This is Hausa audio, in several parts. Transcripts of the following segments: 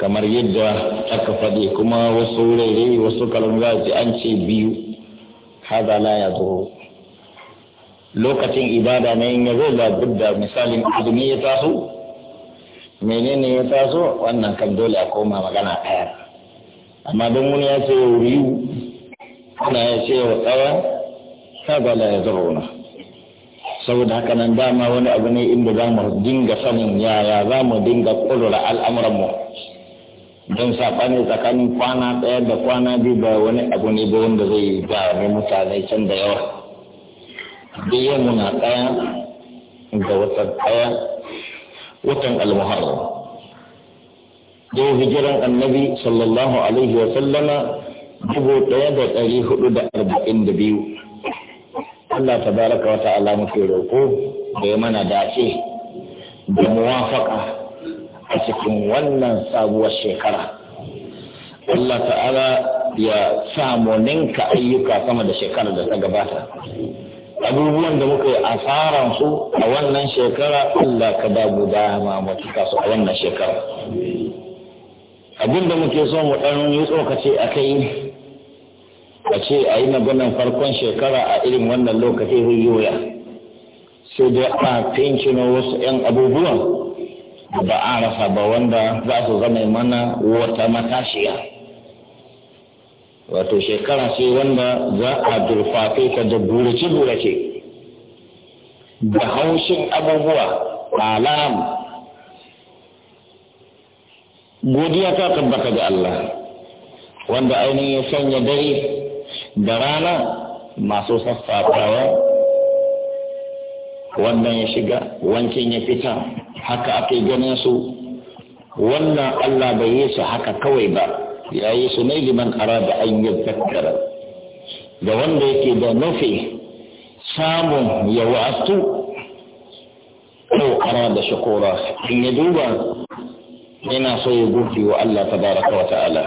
kamar yadda aka faɗi kuma wasu wurare wasu kalmar an ce biyu haza la ya zo lokacin ibada na yin yazo labudda misalin azumi ya taso menene ya taso wannan kan dole a koma magana ɗaya amma don wani ya ce riyu ana ya ce wa tsawa haza la ya na. saboda haka nan dama wani abu ne inda za mu dinga sanin yaya za mu dinga ƙudura al'amuranmu don saɓani tsakanin kwana ɗaya da kwana biyu ba wani abu ne ba wanda zai yi ba ne mutane can da yawa biyu muna ɗaya da wata ɗaya watan almuharram dai hijiran annabi sallallahu alaihi wa sallama dubu ɗaya da ɗari hudu da arba'in da biyu Allah ta baraka wata alamu ke roƙo da ya mana dace da muwafaka a cikin wannan sabuwar shekara Allah ta'ala ya samu ninka ayyuka sama da shekarar da ta gabata abubuwan da muka yi asaran su a wannan shekara Allah ka ba guda dama mu su a wannan shekara abin da muke so mu dan yi tsokace a kai a ce a yi maganan farkon shekara a irin wannan lokaci riyoya sai dai a fincino wasu 'yan abubuwan ba a rasa ba wanda za su zama mana wata matashiya wato shekara ce wanda za a durfafe ka da burace-burace da haushin abubuwa alam godiya ta tabbata ga Allah wanda ainihin ya sanya dare da rana masu sassafawa wannan ya shiga wancan ya fita haka ake ganin su wannan Allah bai yi su haka kawai ba ya yi su ne liman arada an yi zakkara da wanda yake da nufi samun ya wa'astu ko da shakura in ya duba yana so ya gufi wa Allah baraka wa ta'ala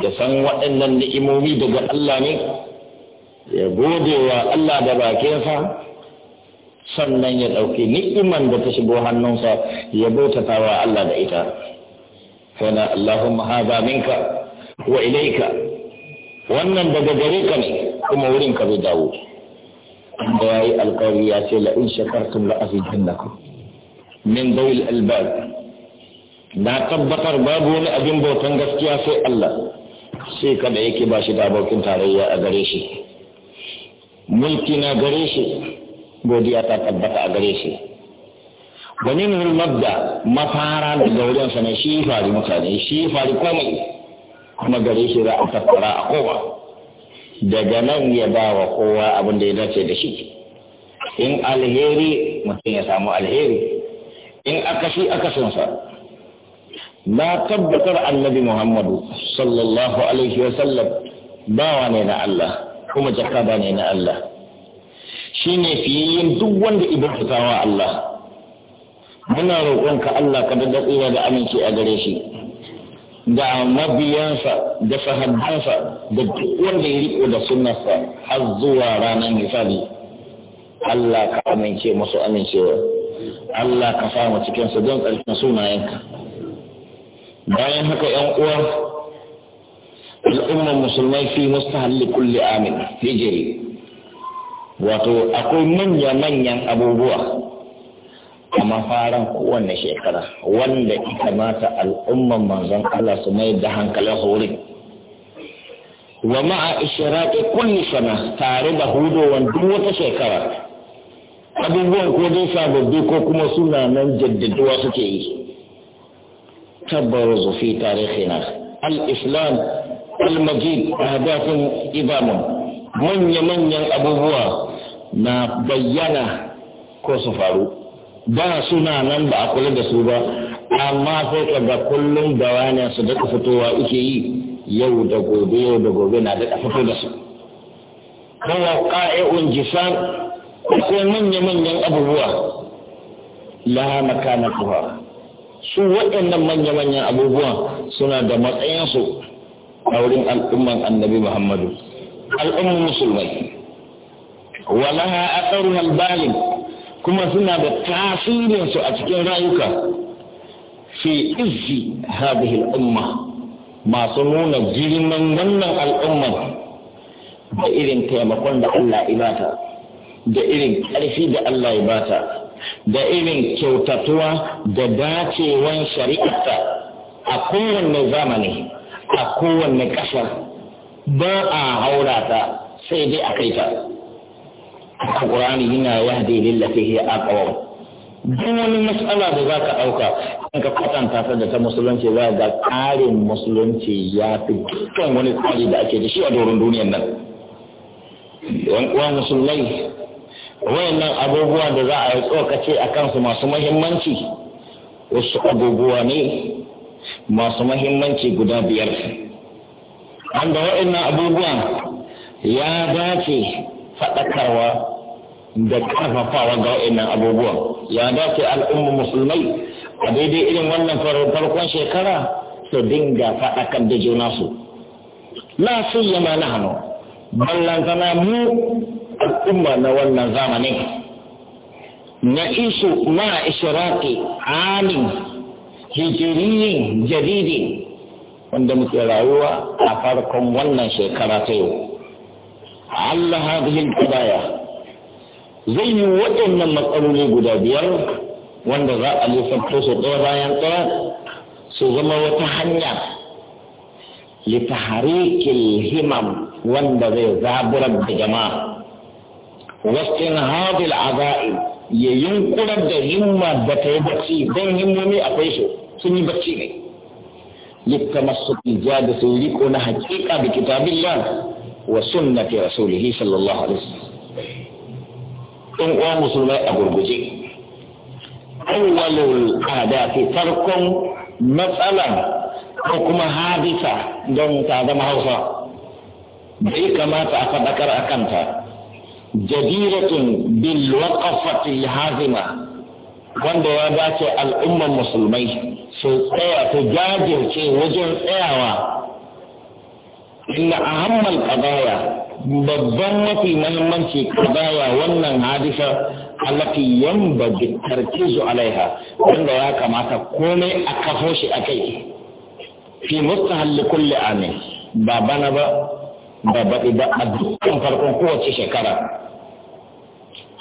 da san waɗannan ni'imomi daga Allah ne ya gode wa Allah da bakinsa sannan ya ɗauki ni'iman da ta shigo hannunsa ya bautata wa Allah da ita kana Allahumma hadha minka wa wannan daga gare ka ne kuma wurin ka zai dawo da yi alƙawari ya ce la in shakartum la azidannakum min dawil albab na tabbatar babu wani abin bautan gaskiya sai Allah sai kada yake ba shi da abokin tarayya a gare shi mulki na gare shi godiya ta tabbata a gare shi wani hulmar mabda mafara daga sa ne shi fari mutane shi fari komai kuma gare shi za a tattara a kowa daga nan ya ba wa kowa abin da ya dace da shi in alheri mutum ya samu alheri in aka aka shi son sa. na tabbatar annabi muhammadu sallallahu alaihi wasallam bawa ne na Allah kuma jakada ne na Allah shine fiyayyen duk wanda idan fitawa Allah muna roƙonka Allah ka daga tsira da aminci a gare shi da mabiyansa da sahabbansa da duk wanda ya riko da sunnarsa har zuwa ranar misali Allah ka amince masu amincewa Allah ka samu cikin su don ƙarshen sunayenka bayan haka yan uwa al'ummar musulmai fi mustahalli kulli amin hijiri wato akwai manya-manyan abubuwa a mafaran kowane shekara wanda ita mata al'umman manzon Allah su mai da hankalin horin wa ma'a ishiraki kulli sana tare da hudowan duk wata shekara abubuwan ko dai sababbi ko kuma suna nan jaddaduwa suke yi tabbaru fi tarihina al-islam al-majid ahdathin ibamun manya-manyan abubuwa na bayyana ko su faru ba suna nan ba a kula da su ba amma sai ka ga kullum da wani su daga fitowa uke yi yau da gobe yau da gobe na daga fito da su kawo ƙa'i'un jisar ko manya-manyan abubuwa la makana kuwa su waɗannan manya-manyan abubuwa suna da matsayinsu a wurin al'umman annabi muhammadu al'umman musulmai walaha aqaruha albalig kuma suna da tasirin su a cikin rayuka fi izi hadhihi al'umma, masu nuna girman wannan al'ummar da irin taimakon da Allah ya bata da irin ƙarfi da Allah ya bata da irin kyautatuwa da dacewan shari'arta a kowanne zamani a kowanne ƙasa, ba a haurata sai dai a kai ta Qur'ani yana yahdi lillati hi aqwam duk wani matsala da za ka ɗauka in ka kwatanta ta da ta musulunci za ga karin musulunci ya fi dukkan wani tsari da ake da shi a doron duniyar nan Don uwa musulmai wayannan abubuwa da za a yi tsokace a kansu masu muhimmanci, wasu abubuwa ne masu muhimmanci guda biyar an wayannan abubuwa ya dace faɗakarwa da ƙarfafawa ga wa'annan abubuwan ya dace al'umma musulmai a daidai irin wannan farkon shekara su dinga faɗakar da juna su Na su yama na hannu zana mu al'umma na wannan zamanin na isu ma ishiraki amin hijiriyin jaridin wanda muke rayuwa a farkon wannan shekara ta yau Allah hadhihi al-qadaya zai yi waɗannan matsaloli guda biyar wanda za a lissafto su ɗaya bayan ɗaya su zama wata hanyar. li tahrikil himam wanda zai zaburar da jama'a wasin hadil azai ya yunkura da himma da ta yi bacci don himmomi akwai su sun yi bacci ne yi masu ija da su riko na hakika da kitabin yana wa sunnati rasulihi sallallahu alaihi in uwa musulmai a gurguje awwalul adati farkon matsalan ko kuma hadisa don ta zama hausa bai kamata a faɗakar a kanta jadiratun bil waqafati hazima wanda ya dace al'ummar musulmai su tsaya su jajirce wajen tsayawa inna ahammal qadaya babban mafi muhimmanci qadaya wannan hadisa allati yanbaghi tarkizu alaiha wanda ya kamata komai a kafo shi akai fi mustahall kulli amin ba bana ba ba baɗi ba a dukkan farkon kowace shekara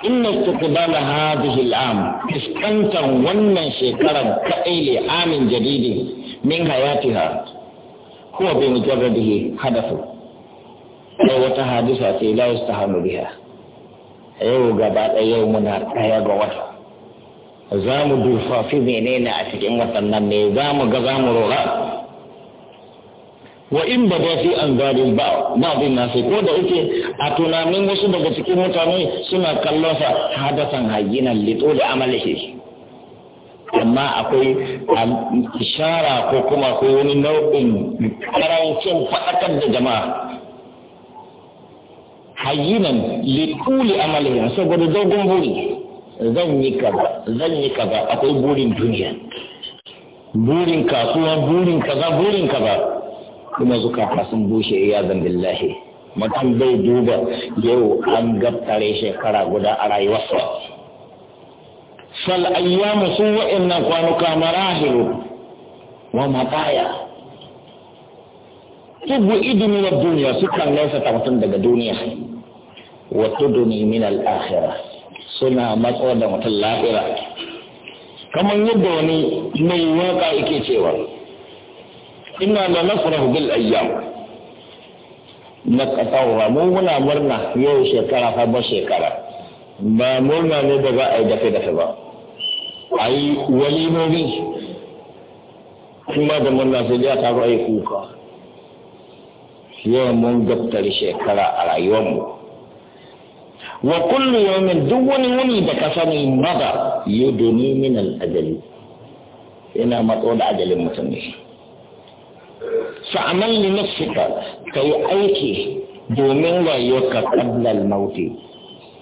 inna istiqbala hadhihi al-am iskantan wannan shekarar kadai li amin jadidi min hayatiha huwa bi mujarradihi hadathu sai wata hadisa ce la yastahalu biha yau gaba ɗaya yau muna ɗaya ga wata za mu durfafi menene a cikin watannan ne za mu ga za mu roƙa wa in ba ba fi an gari ba ba bin nasu ko da uke a tunanin wasu daga cikin mutane suna kallon sa hadasan hayyinan litsu da amalihi amma akwai ishara ko kuma akwai wani nau'in karancin faɗakar da jama'a hayyinan likuli amalin saboda dogon buri zan yi ba zan yi ba akwai burin duniya burin kasuwa burin kaza burin kaza kuma zuka sun bushe ya iya zambillahi mutum bai duba yau an gaftare shekara guda a rayuwarsa fal ayyamu su wa'annan kwanuka marahilu wa mataya tubu idini duniya sukan nesa ta daga duniya wa tuduni min suna matso da mutum lahira kamar yadda wani mai waka yake cewa ina da nasrahu bil ayyam na kasawa mu muna murna yau shekara fa shekara ba murna ne ba za a yi dafe dafe ba Ayi, yi walimomi kuma da murna sai ya ta a yi kuka Yau mun gabtar shekara a rayuwarmu wa kullu yawmin duk wani wuni da ka sani mada yuduni min al-ajali Ina matso da ajalin mutum ne fa'amal li nafsika kai aiki domin rayuwarka qabla al-mauti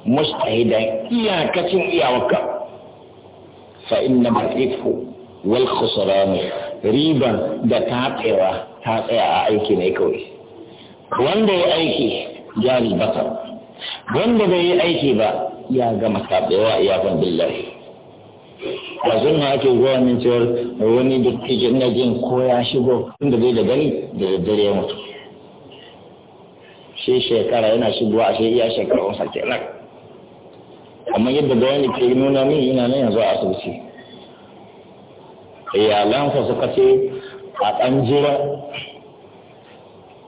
mustahidan iyakacin iyawarka فإنما الإفك والخسران ريبا دا تاتيوا تاتيا أيكي نيكوي وان دا أيكي جاري بطر وان دا أيكي با يا جمع تاتيوا يا فن بالله yanzu na ake zuwa min cewar wani da dattijo na jin ko ya shigo inda zai da gani da daddare ya mutu shi shekara yana shigowa a shi iya shekarun sa kenan amma yadda bayani ke nuna min yana nan yanzu a asibiti iyalansa suka ce a ɗan jira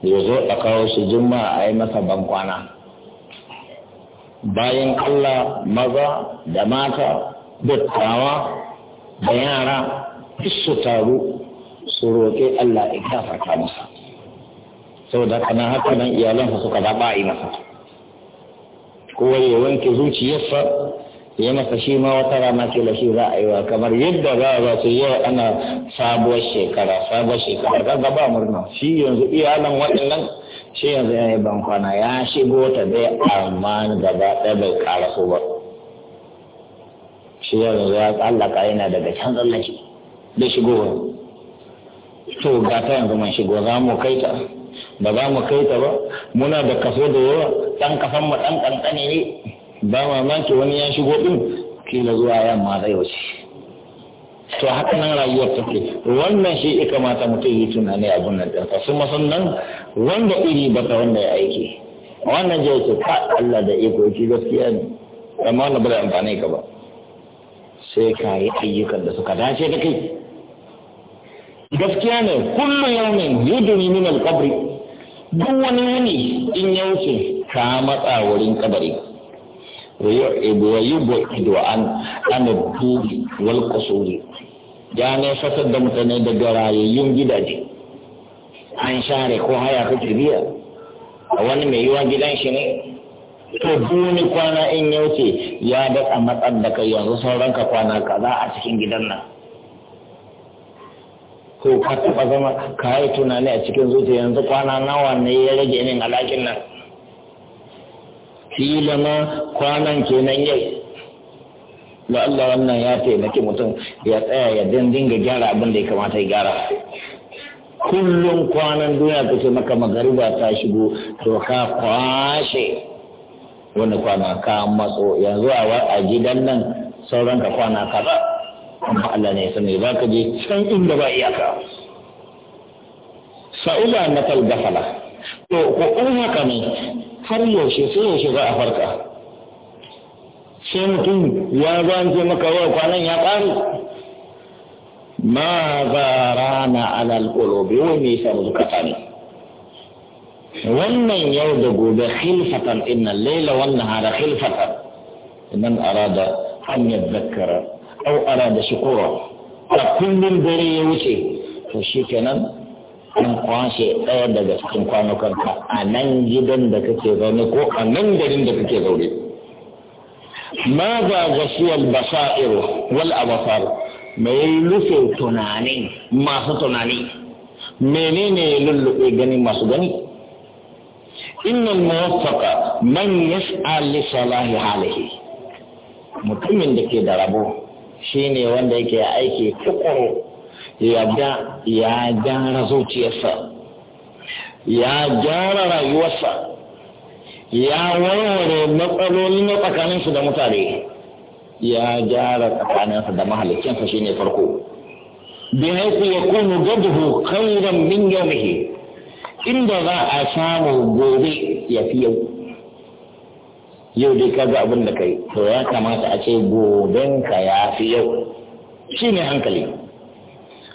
ya zo a kawo shi juma'a a yi masa bankwana bayan allah maza da mata dattawa da yara su taru su roƙe allah ya gafarta masa saboda kana haka nan iyalansa suka zaɓa a yi masa kowa ya wanke zuciyarsa ya masa shi ma wata rana ce da shi za a yi wa kamar yadda za a zace yau ana sabuwar shekara sabuwar shekara kan gaba murna shi yanzu iyalan waɗannan shi yanzu ya yi bankwana ya shigo ta dai amma gaba ɗaya bai ƙara su ba shi yanzu ya tsallaka yana daga can tsallake bai shigo to ga yanzu man shigo za mu kai ta ba za mu kai ta ba muna da kaso da yawa ɗan kasan mu ɗan ƙanƙane ne ba mamaki wani ya shigo ɗin kila zuwa yamma zai wuce to haka nan rayuwar ke wannan shi ya kamata mutum yi tunani abun nan ɗansa su masannan wanda iri ba ta wanda ya aiki wannan jai ce ka Allah da iko ki gaskiya ne amma wannan ba da amfani ka ba sai ka yi ayyukan da suka dace da kai gaskiya ne kullum yawmin yuduni min nuna duk wani wani in ya wuce ka matsa wurin kabari wa yubu ido an ana dubi wal qusuri ya ne fasar da mutane daga rayayyun gidaje an share ko haya kake biya a wani mai yiwa gidan shi ne to duni kwana in ya wuce ya daɗa matsar da kai yanzu sauran ka kwana kaza a cikin gidan nan ko ka taɓa zama ka yi tunani a cikin zuciya yanzu kwana nawa ne ya rage min alaƙin nan fiye ma kwanan kenan yau da Allah wannan ya taimaki mutum ya tsaya ya dinga gyara abin da ya kamata ya gyara kullum kwanan duniya ta ce maka magariba ta shigo to ka kwashe wani kwana ka matso yanzu a gidan nan sauran ka kwana kaza amma Allah ne ya sani za ka je can inda ba iyaka sa'ula na talgafala to ko in haka ne har yaushe sai yaushe za a farka sai mutum ya zance maka wa kwanan ya ƙare ma za rana alal ƙolobi wai me yasa wannan yau da gobe khilfatan inna laila wannan hada khilfatan ara arada hanyar yadhakkara ɗau'ara da shukura a kullum dare ya wuce to shi kenan an kwashe ɗaya daga cikin kwanukanka a nan gidan da kake zaune ko a nan garin da kake zaune ma za gasuwal basa'ir wal abasar mai rufe tunani masu tunani menene ya lullube gani masu gani innal muwaffaqa man yas'al li salahi halihi mutumin da ke da rabo Shi ne wanda yake aiki tukuru ya ya gyara zuciyarsa ya gyara rayuwarsa ya warware matsaloli na tsakaninsu da mutane ya gyara tsakaninsa da shi ne farko bihaiku ya kunu gaduhu khairan min yaumihi inda za a samu gobe ya fi yau yau dai ka ga abin da kai to ya kamata a ce goben ka ya fi yau shine hankali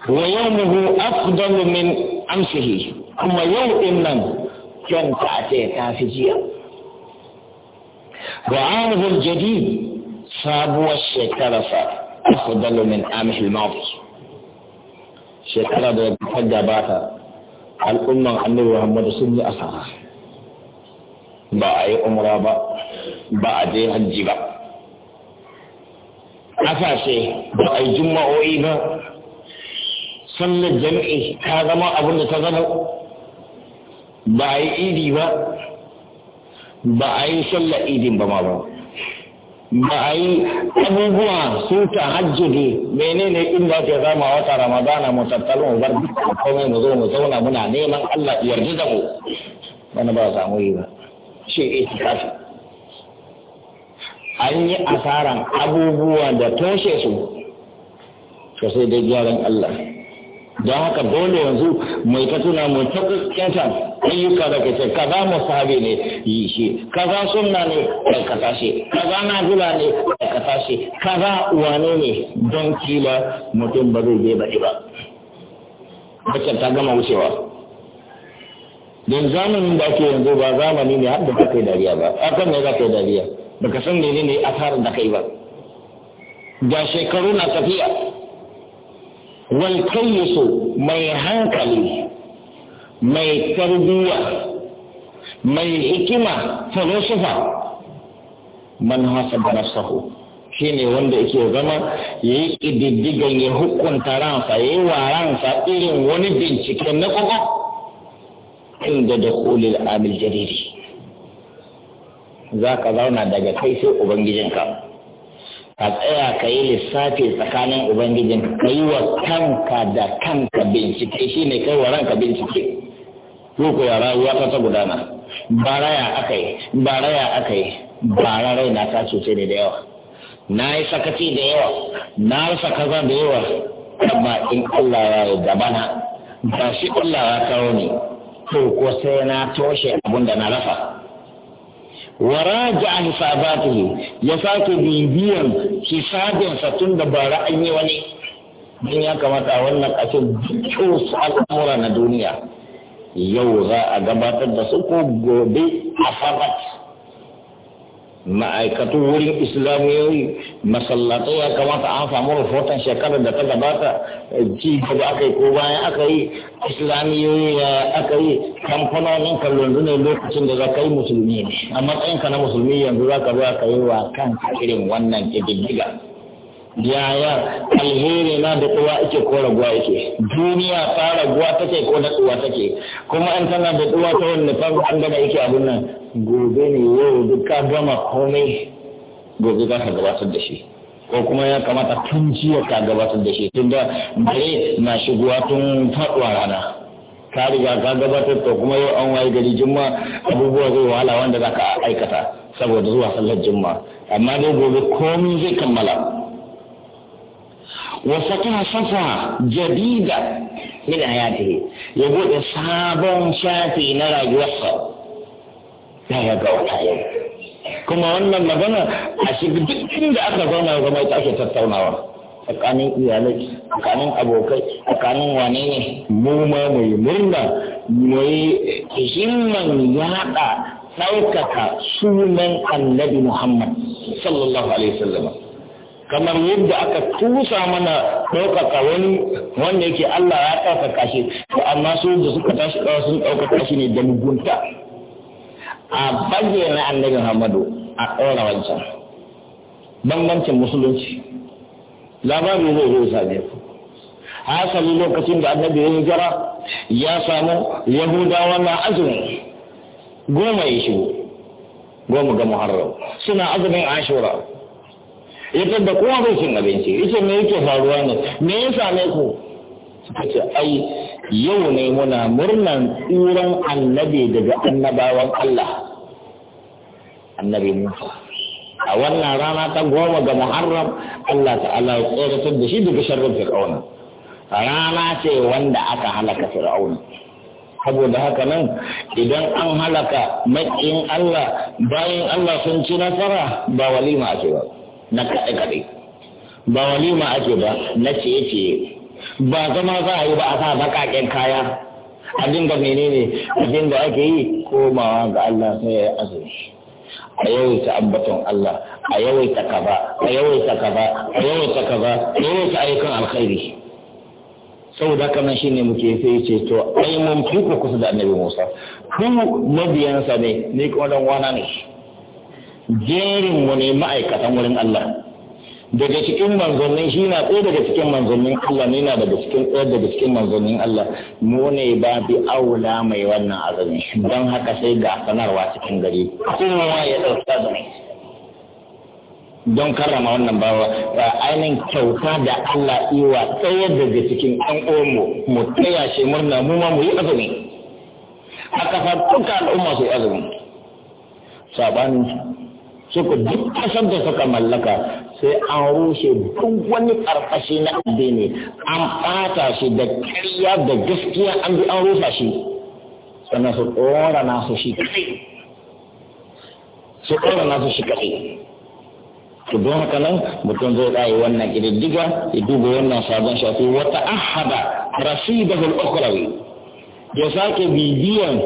wa yawmuhu afdalu min amsihi kuma yau din nan ka a ce ta fi jiya wa amhul jadi sabuwar shekararsa afdalu min amhil madi shekara da ta gabata al'umman annabi Muhammadu sun yi asara ba a yi umra ba ba a je hajji ba ƙasashe ba a yi juma'o'i ba sannan jami'i ta zama abin da ta zama ba a yi idi ba ba a yi sallar idin ba ma ba ba a yi abubuwa sun ta hajji hajjiri menene inda ke zama wata ramadana mu tattalin bar komai mu zo mu zauna muna neman allah yarda da mu wani ba samu yi ba shi ita kafin an yi asaran abubuwa da toshe su to sai dai gyaran Allah don haka dole yanzu mai ta tuna mai ta kyanta ayyuka da kace kaza musabi ne yi shi kaza sunna ne ka shi kaza nafila ne aikata shi kaza wane ne don kila mutum ba zai je baɗi ba wacce ta gama wucewa don zamanin da ke yanzu ba zamani ne har da kai dariya ba akan ne za ka yi dariya baka san menene asarar da kai ba ga shekaru na tafiya wal kayyisu mai hankali mai tarbiyya mai hikima filosofa man hasaba nafsahu shine wanda yake zama ya yi ƙididdigan ya hukunta ransa ya yi wa irin wani bincike na kwakwa inda da kulil amil jariri za ka zauna daga kai sai ubangijinka ka tsaya ka yi lissafi tsakanin ubangijinka ka yi wa kanka da kanka bincike shi ne kai wa ranka bincike ko ko ya rayuwa ta ta gudana baraya aka yi ba na ta cuce ne da yawa na yi sakaci da yawa na rasa kaza da yawa amma in Allah ya yarda bana ba shi Allah ya kawo ni ko sai na toshe abin na rafa wa raja hisabatihi ya sake bibiyan hisabinsa tun da ba ra'ayi wani don ya kamata a wannan ƙasar dukkan su al'amura na duniya yau za a gabatar da su ko gobe a sabat ma'aikatu wurin islamiyoyi masallatai ya kamata an samu rahoton shekarar da ta gabata ci ba aka yi ko bayan aka yi islamiyoyi ya aka yi kamfanonin kallonzu ne lokacin da za ka yi musulmi ne a matsayinka na musulmi yanzu za ka zo ka yi wa kan irin wannan ƙididdiga yaya alheri na da tsuwa ake ko raguwa yake duniya ta raguwa take ko na tsuwa take kuma an tana da tsuwa ta wanda ta an yake abin nan gobe ne yau duk ka gama komai gobe za ka gabatar da shi ko kuma ya kamata tun jiya ka gabatar da shi tun da dare na shigowa tun faɗuwa rana ka riga ka gabatar to kuma yau an waye gari jimma abubuwa zai wahala wanda za ka aikata saboda zuwa sallar jimma amma dai gobe komai zai kammala wasaka safa jadida min hayatihi ya buɗe sabon shafi na rayuwarsa yaya ga wata kuma wannan magana a shiga duk inda aka zauna zama ita ake tattaunawa tsakanin iyalai tsakanin abokai tsakanin wane ne mu ma mu murna mu yi himman yaɗa ɗaukaka sunan annabi muhammad sallallahu alaihi wasallam kamar yadda aka tusa mana ɗaukaka wani wanda yake allah ya ɗaukaka shi amma su da suka tashi ɗawa sun ɗaukaka shi ne da mugunta a bayyana annabi Muhammadu a ɗora wancan bambancin musulunci labarin zai zo same ku hasali lokacin da annabi ya hijira ya samu yahudawa na azumi goma ya shigo goma ga muharram suna azumin ashura ya da kowa bai cin abinci yace me yake faruwa ne me ya same ku suka ce ai yau ne muna murnan tsuran annabi daga annabawan Allah annabi Musa a wannan rana ta goma ga Muharram Allah ta'ala ya tsoratar da shi daga sharrin Fir'auna rana ce wanda aka halaka Fir'auna saboda haka nan idan an halaka makin Allah bayan Allah sun ci nasara ba walima ake ba na kaɗe-kaɗe ba walima ake ba na ce ce ba zama za a yi ba a sa baƙaƙen kaya abin da menene abinda ake yi komawa ga Allah sai ya azumi a yawaita ambaton Allah a yawaita kaza a yawaita kaza a yawaita kaza a yawaita ayyukan alkhairi saboda haka nan shine muke sai ce to ai mun fi ku kusa da Annabi Musa ku mabiyansa ne ni kuma dan wana ne jerin wani ma'aikatan wurin Allah daga cikin manzannin shi na ɗaya daga cikin manzannin Allah ne na daga cikin ɗaya daga cikin manzannin Allah mu ne ba bi aula mai wannan azumi don haka sai ga sanarwa cikin gari kowa ya ɗauka da don karrama wannan bawa ba ainihin kyauta da Allah iwa ɗaya daga cikin ɗan uwanmu mu taya shi murna mu ma mu yi azumi a kafa duka al'umma su yi azumi sabanin su ku duk ƙasar da suka mallaka sai an rushe duk wani ƙarfashi na addini an ɓata shi da ƙarya da gaskiya an bi an rufa shi sannan su ɗora nasu shi kaɗai su ɗora nasu shi kaɗai to don haka nan mutum zai tsaye wannan ƙididdiga ya duba wannan sabon shafi wata ahada rasidahul ukhrawi ya sake bibiyan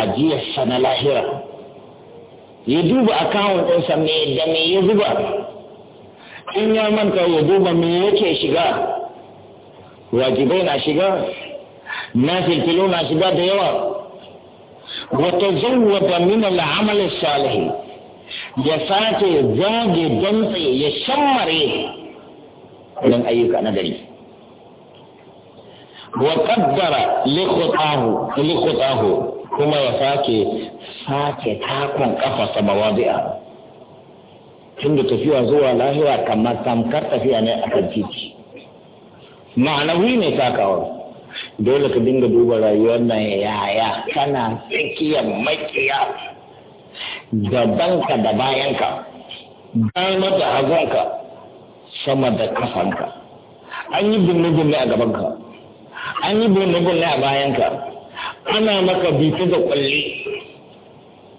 ajiyarsa na lahira ya duba akawun ɗinsa me da ya zuba in ya manta ya duba me yake shiga wajibai na shiga na filfilo na shiga da yawa wata zawwada min al'amal salihi ya sace zage dantse ya shammare don ayyuka na gari wa qaddara li khutahu kuma ya sake sake takon kafa Tun tunda tafiya zuwa lahira kamar tamkar tafiya ne a kan titi ma'anawi ne takawa dole ka dinga duba rayuwar nan yaya kana tsakiyar makiya ka da bayanka dama da ka sama da kafanka an yi binne-binne a gabanka an yi binne-binne a bayanka ana maka bitu da kwalle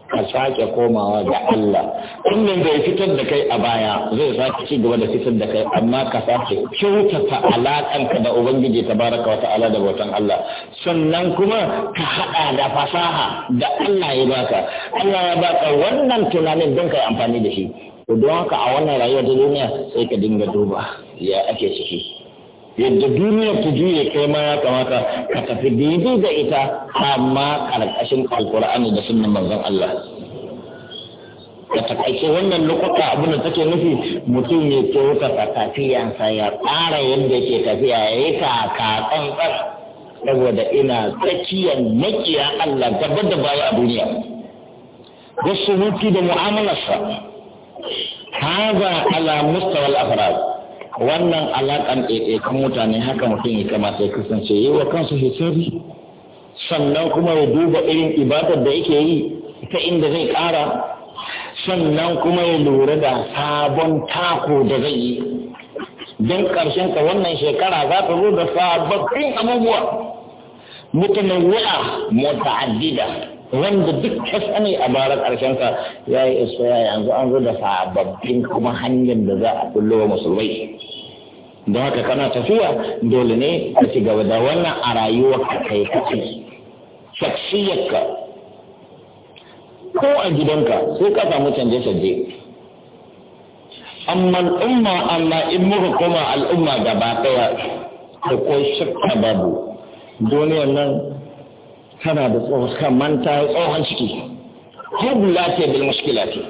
ka sake komawa ga Allah wannan bai fitar da kai a baya zai sake ci gaba da fitar da kai amma ka sake kyautata alaƙanka da ubangiji ta baraka wa ta'ala da bautan Allah sannan kuma ka haɗa da fasaha da Allah ya baka Allah ya baka wannan tunanin don ka yi amfani da shi don haka a wannan rayuwar ta duniya sai ka dinga duba ya ake ciki yadda duniya ta juye kai ma ya kamata ka tafi daidai da ita amma karkashin alkur'ani da sunan manzon Allah da takaice wannan lokuta abin da take nufi mutum ya kyautata tafiyansa ya ƙara yadda ke tafiya ya yi kaka tsantsan saboda ina tsakiyar makiya Allah gabar da baya a duniya wasu hutu da mu'amalarsa haza ala mustawal Afra. wannan alaƙan ɗaiɗaikan mutane haka mutum ya kamata ya kasance yi wa kansu hisabi sannan kuma ya duba irin ibadar da yake yi ta inda zai ƙara sannan kuma ya lura da sabon tako da zai yi don ƙarshen ka wannan shekara za ta zo da sababbin abubuwa mota addida wanda duk ka sani a bara ƙarshen ka ya yi isra yanzu an zo da sababbin kuma hanyar da za a kullo musulmai don haka kana tafiya dole ne ka ci gaba da wannan a rayuwar ka kai kaci shaksiyarka ko a gidanka sai ka samu canje-canje amma al'umma Allah in muka koma al'umma gaba daya da ko shakka babu duniyar nan tana da tsohon manta tsohon ciki hula lafiya bil muskila ce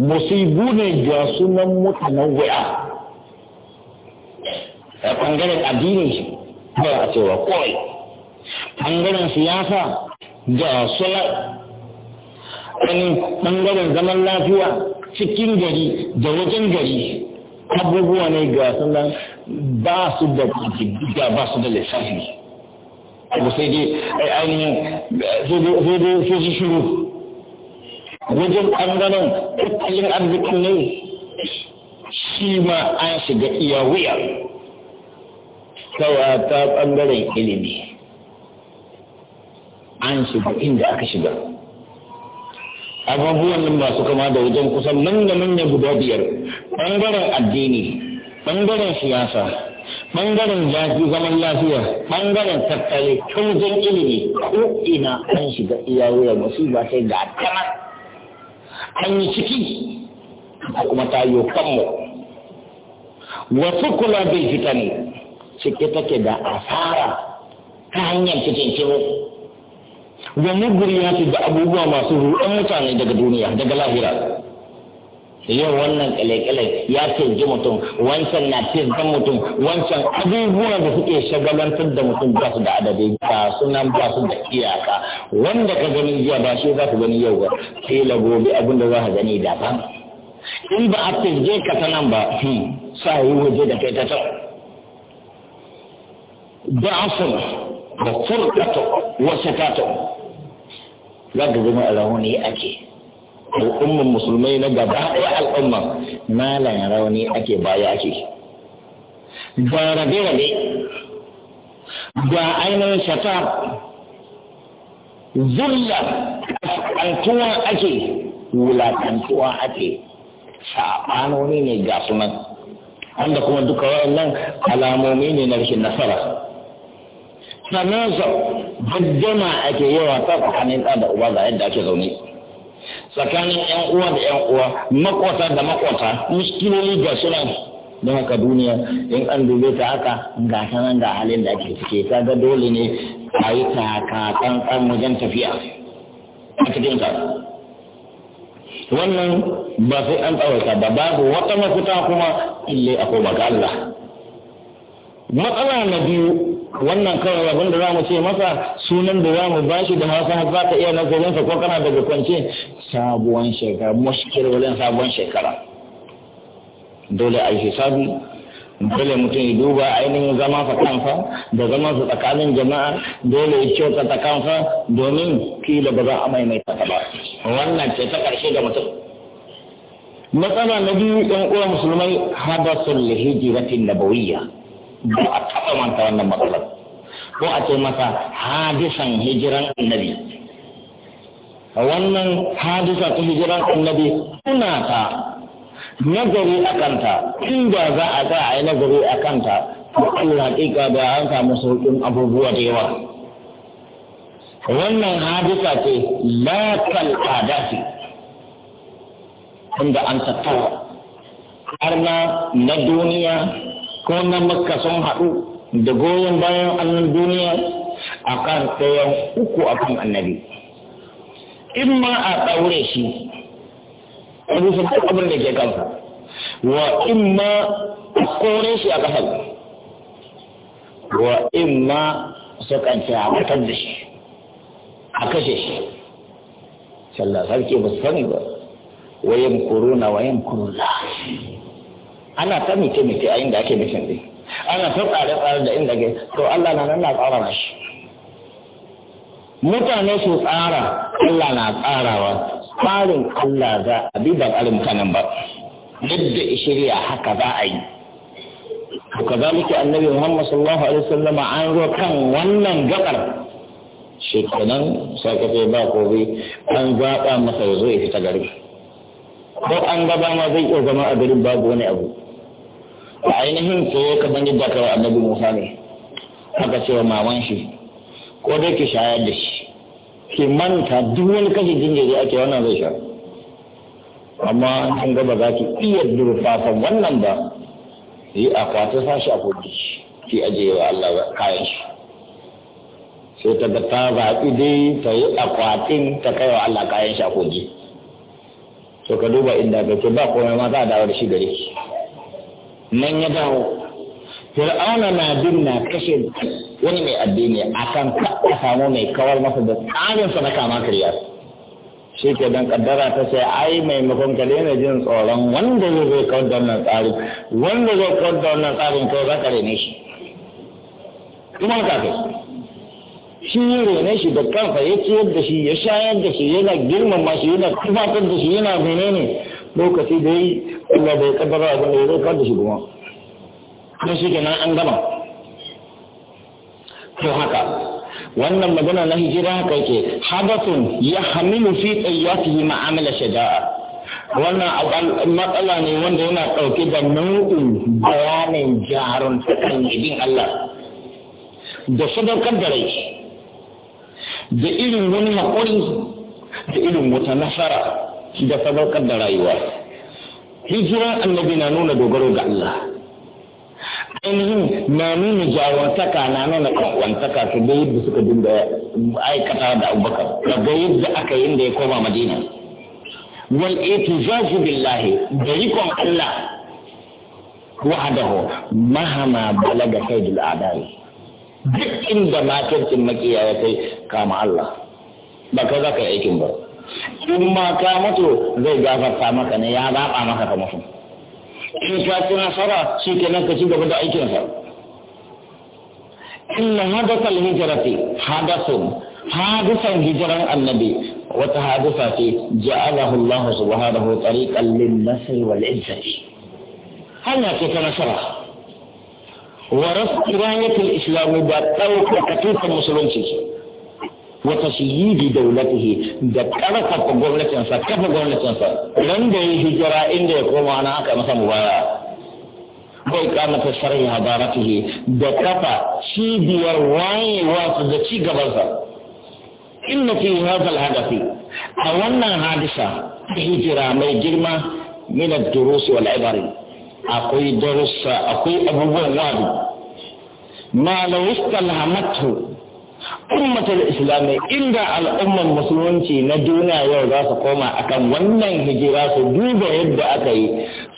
musibu ne ga sunan mutanen wuya a ɓangaren addinin shi ba a cewa kawai ɓangaren siyasa da sulat wani ɓangaren zaman lafiya cikin gari da wajen gari abubuwa ne ga sannan ba su da ga ba su da lissafi abu sai dai ainihin zai sai su shuru wajen ɓangaren tattalin arzikin ne shi ma an shiga iya wuya tawa ta ɓangaren ilimi an shiga inda aka shiga abubuwan nan masu kama da wajen kusan nan da manya guda biyar ɓangaren addini ɓangaren siyasa ɓangaren jafi zaman lafiya ɓangaren tattali wajen ilimi ko ina an shiga iya masu ba sai ga kama an yi ciki kuma tayo kanmu wasu kula bai fita ne cike take da asara ta hanyar cikin kiro ya ce da abubuwa masu ruɗan mutane daga duniya daga lahira yau wannan kalekale ya canji mutum wancan na fizgan mutum wancan abubuwa da suke shagalantar da mutum ba su da adadi ba su nan ba su da iyaka wanda ka gani jiya ba shi za su gani yau ba kila gobe abin da za ka gani ba in ba a fizge ka ta nan ba hmm, sa yi waje da kai ta can Da da ضعفه وفرقته وسفاته za ka zama a rauni ake al'umman musulmai na gaba ɗaya al'umma malan rauni ake baya ake ba rabe-rabe ba ainihin shata zulla kaskantuwa ake wulakantuwa ake saɓanoni ne ga sunan wanda kuma duka waɗannan alamomi ne na rikin nasara tanazau gaddama ake yawa ta tsakanin ɗa da uba ga yadda ake zaune tsakanin yan uwa da yan uwa makwata da makwata muskiloli ga suna don haka duniya in an dube ta haka ga sanan ga halin da ake cike ta ga dole ne a yi takakan wajen tafiya a wannan ba sai an tsawaita ba babu wata mafita kuma ille a koma ga Allah matsala na biyu wannan kawai abin da za mu ce masa sunan da za mu bashi da hausa za ka iya nazarinsa ko kana daga kwance sabuwan shekara mushkil wajen sabuwan shekara dole a yi hisabi dole mutum ya duba ainihin zama sa kansa da zama su tsakanin jama'a dole ya kyauta ta kansa domin kila ba za a maimaita ta ba wannan ce ta ƙarshe ga mutum matsala na biyu ɗan uwa musulmai hadasul hijiratin nabawiyya ba a taɓa manta wannan matsalar ko a ce masa hadisan hijiran annabi wannan hadisa ta hijiran annabi kuna ta nazari a kanta inda za a sa a yi nazari a kanta ko Allah hakika da an samu sauƙin abubuwa da yawa wannan hadisa ce la kal inda an tattara. har na duniya ko na makka sun haɗu da goyon bayan annan duniya a kan ɗayan uku a kan annabi in ma a ɗaure shi a rufe duk abin da ke kansa wa in ma a kore shi a ƙasar wa in ma su kanci a matar da shi a kashe shi sallah sarki ba su sani ba wayan kuruna wayan kurula ana ta mice mice a inda ake mishin din ana ta tsare tsare da inda ke to Allah na nan na tsara na shi mutane su tsara Allah na tsarawa tsarin Allah za a bi ba tsarin mutanen ba da shirya haka za a yi وكذلك annabi Muhammad sallallahu alaihi wasallam an عن kan wannan gabar shekaran sai ka ba bi an zaɓa masa ya zo ya fita gari ko an gaba ma zai iya zama a garin babu wani abu a ainihin ko ka san yadda ka annabi Musa ne haka cewa maman shi ko dai ki shayar da shi ki manta duk wani kashe jinjiri ake wannan zai sha amma an gaba za ki iya durfafan wannan ba yi a kwata shi a kogi ki ajiye wa Allah kayan shi sai ta ga ta zaɓi dai ta yi akwatin ta kai wa Allah kayan shi a kogi to ka duba inda ka ce ba komai ma za a dawo da shi gare shi nan ya dawo fir'auna na bin na kashe wani mai addini akan kaɗa samu mai kawar masa da tsarinsa na kama karya shi ke don kaddara ta sai ai maimakon ka daina jin tsoron wanda zai zai kawar da wannan tsarin wanda zai kawar da wannan tsarin kawai za ka rene shi kuma ka kai shi ya rene shi da kansa ya ciyar da shi ya shayar da shi yana girmama shi yana kufatar da shi yana ne lokaci da yi Allah bai kaddara a da ya zai da shi kuma don shi kenan an gama to haka wannan magana na hijira haka yake hadathun ya hamilu fi tsayyatihi ma'amala shaja'a wannan matsala ne wanda yana ɗauke da nau'in bayanin jarun ta kan Allah da sadaukar da rai da irin wani haƙuri da irin wata nasara da sadaukar da rayuwa hijira annabi na nuna dogaro ga Allah ainihin na nuna jawantaka na nuna kawantaka to da yadda suka dinga aikata da abubakar da yadda aka yi da ya koma madina wal itijaju billahi da rikon Allah wahdahu mahama balaga sayyidul adai duk inda makircin makiya ya kai kama Allah ba kai za ka yi aikin ba in ma ka mutu zai gafarta maka ne ya zaɓa maka ka mutu in ka ci nasara shi ke nan ka ci gaba da aikinsa inna hadasal hijirati hadasun hadisan hijiran annabi wata hadisa ce ja'alahu Allah subhanahu tariqan lin nasri wal izzati hanya ce ta nasara wa rasul islamu ba ɗaukaka tutar musulunci وتشييد دولته ذكرت قبولة أنسا كيف قبولة أنسا لن دي هجرة إن دي يقوم أنا أكا مثلا مبالا وإقامة شرع هدارته ذكرت شيد ورواي واسد شي قبلت إن في هذا الهدف أولنا هادسة هجرة من جرمة من الدروس والعبر أقوي دروس أقوي أبوه وادي ما لو استلهمته ummatul islami inda al'ummar musulunci na duniya yau za su koma akan wannan hijira su duba yadda aka yi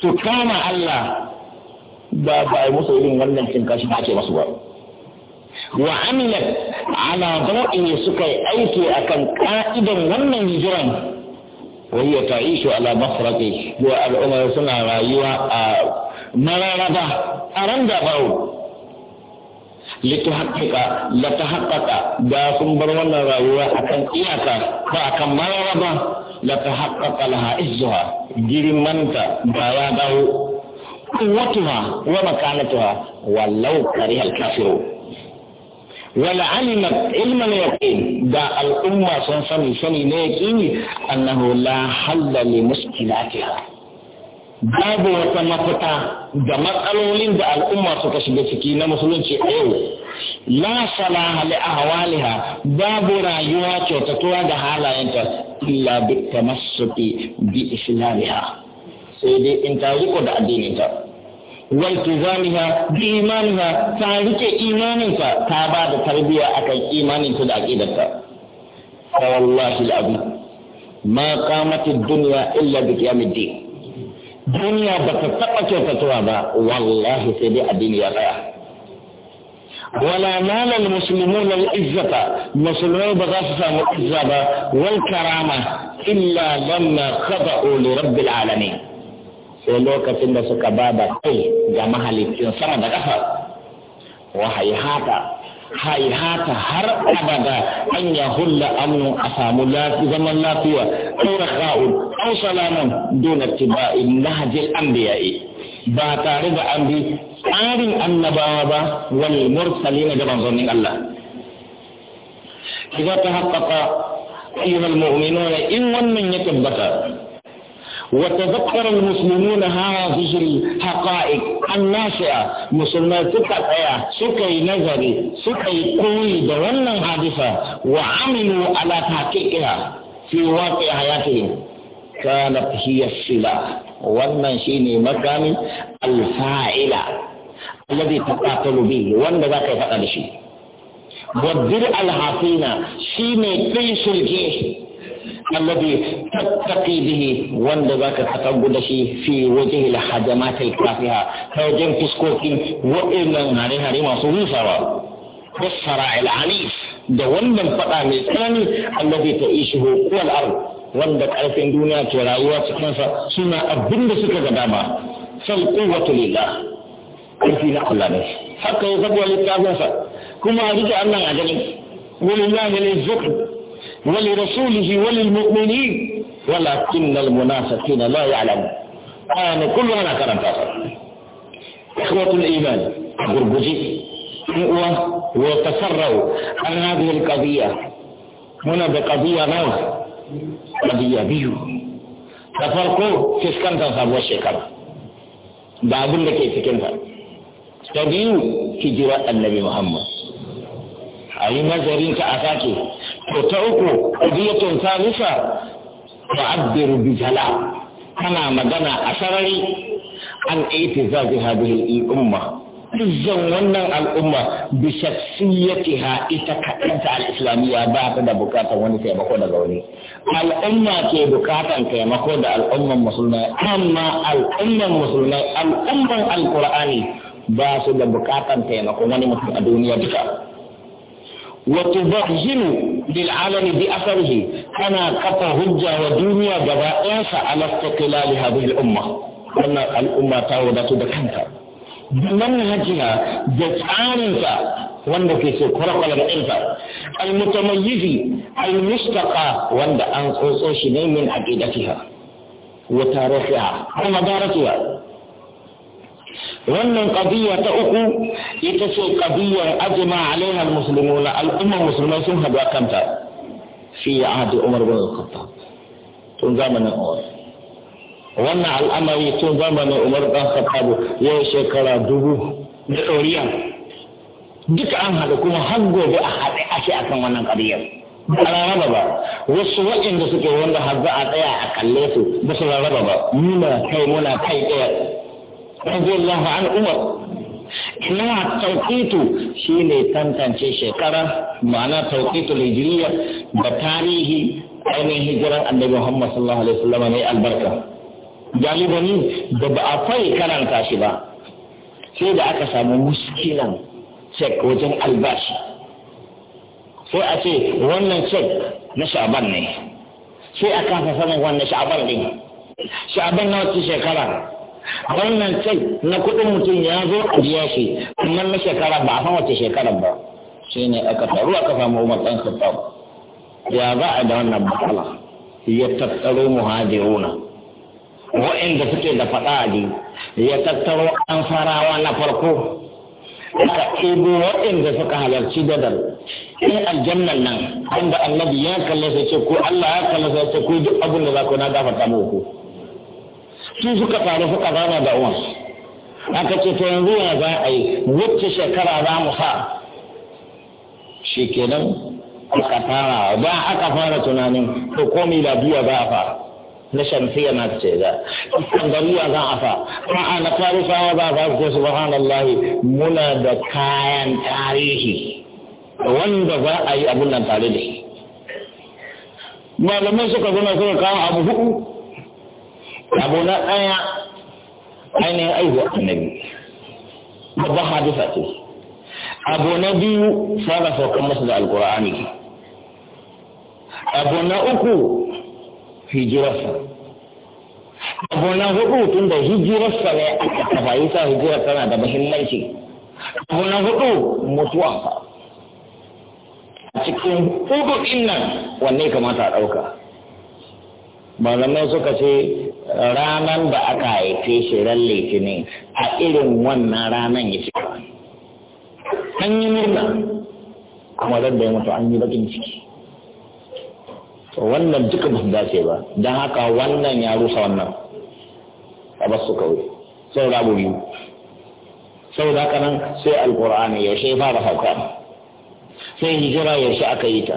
su kama Allah ba ba yi musu wannan cin kashi ba ce masu ba wa amilat ala suka yi aiki akan ka'idan wannan hijiran وهي تعيش على مفرقه والأمر سنة rayuwa a مراربة aranda فوق lituhaqqaqa latahaqqaqa da sun bar wannan rayuwa akan iyaka ba akan maraba ba latahaqqaqa laha izzuha girmanta ba ya dawo quwwatuha wa makanatuha wallau karihal kafiru wala alimat ilman yaqin da al'umma sun sani sani ne yaqini annahu la halla li mushkilatiha babu wata mafita ga matsalolin da al'umma suka shiga ciki na musulunci a yau la salaha li ahwaliha babu rayuwa kyautatuwa da halayenta illa bi tamassuki bi islamiha sai dai in ta riko da addininta wa iltizamiha bi imaniha ta rike imaninta ta ba da tarbiyya akan imaninta da aqidarta fa wallahi al'azim ma qamat ad-dunya illa bi qiyamid din duniya ba ta taɓa kyautatuwa ba wallahi sai dai addini ya tsaya wala nala almuslimun alizzata musulmai ba za su samu izza ba wal karama illa lamma khada'u li rabbil alamin sai lokacin da suka bada kai ga mahalicin sama da ƙasa wa hayhata haihata har abada an ya hulla amnu a samu zaman lafiya ko raka'un ko salaman dole tiba'in an anbiya'i ba tare da an bi tsarin annabawa ba wal na da manzonin Allah idan ta haƙƙaƙa ayyuhal mu'minuna in wannan ya tabbata وتذكر المسلمون هذه الحقائق الناشئة مسلمين سكا تيا سكي نظري سكي قوي دولنا حادثة وعملوا على تحقيقها في واقع حياتهم كانت هي الصلة wannan shine makami alfa'ila alladhi taqatalu bihi wanda za ka yi faɗa da shi wadir alhafina shine kai sulke alladhi tattaqi bihi wanda zaka tsaggu da shi fi wajhi al-hajamat al-kafiha ta wajen hare masu rusawa والصراع العنيف da wannan faɗa mai tsanani allazi ta ishihu kuwal ard wanda karfin duniya ke rayuwa cikin sa suna abin suka ga dama sal quwwatu lillah karfi na ne haka kuma a rike Allah a gani walillahi ولرسوله وللمؤمنين ولكن المنافقين لا يعلمون أنا آه، كلنا أنا كرمت إخوة الإيمان غربجي وتسروا عن هذه القضية هنا بقضية نوع قضية بيو تفرقوا تسكن تنصب والشكر da abin da ke في ta النبي محمد annabi muhammad a ko ta uku qadiyatun salisa tu'abbiru bi jala kana magana a sarari an aitizazi hadhihi umma zan wannan al'umma bi ha ita kaɗan ta islamiyya ba ta da bukatar wani taimako daga wani al'umma ke bukatan taimako da al'umman musulmai amma al'umman musulmai al'umman alƙur'ani ba su da bukatan taimako wani mutum a duniya duka wata bahinu bil'alami bi a sarfi ana kafa hujja wa duniya gaba ɗansa a lastakila lihabin al'umma wannan al'umma ta wadatu da kanta nan da tsarinsa wanda ke so kwarakwalar ɗansa al-mutamayyizi al-mustaka wanda an tsotso shi ne min a ƙidatiya wata rafiya har madaratuwa wannan qadiyya ta uku ita ce qadiyyar ajma alaiha almuslimuna al'ummar musulmai sun haɗu kanta fi ahdi umar bin al-khattab tun zamanin umar wannan al'amari tun zamanin umar bin al-khattab ya shekara dubu da ɗoriya duka an haɗu kuma har gobe a haɗe ake akan wannan qadiyyar ba rarraba ba wasu da suke wanda har za a tsaya a kalle su ba su rarraba ba muna kai muna kai ɗaya رضي الله عن عمر إنما التوقيت شيء تنتنشي شكرا معنى توقيت الهجرية بتاريخ أين هجرة النبي محمد صلى الله عليه وسلم من البركة galibani da ba a fai karanta shi ba sai da aka samu muskilan cek wajen albashi sai a ce wannan cek na sha'aban ne sai a kasa sanin wannan sha'aban ne sha'aban na wata shekara wannan cai na kuɗin mutum ya zo a biya shi amma na shekara ba a san wace shekarar ba shi ne aka taru aka samu umar kafar ya za a da wannan matsala ya tattaro muhajiruna wa'inda suke da faɗa ali ya tattaro an farawa na farko aka ibo waɗanda suka halarci dadar in aljannan nan wanda annabi ya kalle sai ce ko Allah ya kalle sai ce ko duk abin da za ku na gafarta muku su suka faru suka fama da uwan aka ce ta yanzu ya za a yi wacce shekara za mu sa shi kenan aka fara ba aka fara tunanin to da miladiya za a fara na shamsiya na ce da kandariya za a fa a'a na tarifawa za a fara ko subhanallah muna da kayan tarihi wanda za a yi abun nan tare da shi malamai suka zama suka kawo abu hudu abu na ɗaya ainihin aihuwa annabi babban hadisa ce abu na biyu fara saukan masu da alkur'ani abu na uku hijirarsa abu na hudu tun da hijirarsa ne aka kafa yi sa hijirar tana da muhimmanci abu na hudu mutuwarsa a cikin hudu nan wanne kamata a ɗauka zama suka ce Ranan da aka haife shi ran litinin a irin wannan ranan ya ce an yi murna kuma zan da ya mutu an yi bakin ciki wannan duka ba su dace ba don haka wannan ya rusa wannan a ba su kawai sau da abu biyu sau da haka nan sai alkur'ani yaushe ya fara hauka sai hijira yaushe aka yi ta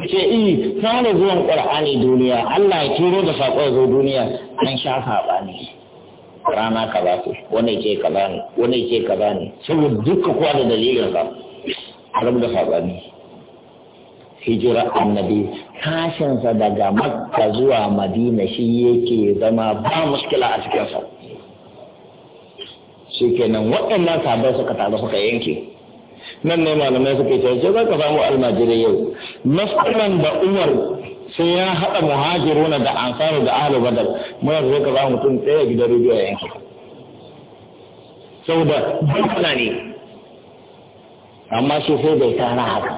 ce e! Eh, tare zuwan Al-ƙur'ani duniya Allah ya turo da saƙon zo duniya an sha saɓa ne rana kaza ce wani ce kaza ne wani ka kaza ne saboda duka kowa da dalilin sa a da saɓa ne hijira annabi kashinsa daga makka zuwa madina shi yake zama ba muskila a cikinsa shi kenan waɗannan sabai suka taru suka yanke nan ne malamai suke cewa ce za ka samu almajirai yau masalan da umar sai ya haɗa muhajiruna da ansaru da ahlu badar mu yanzu zai ka ba mutum tsaye gidan rediyo ya yanka saboda dukkan ne amma shi sai bai tara haka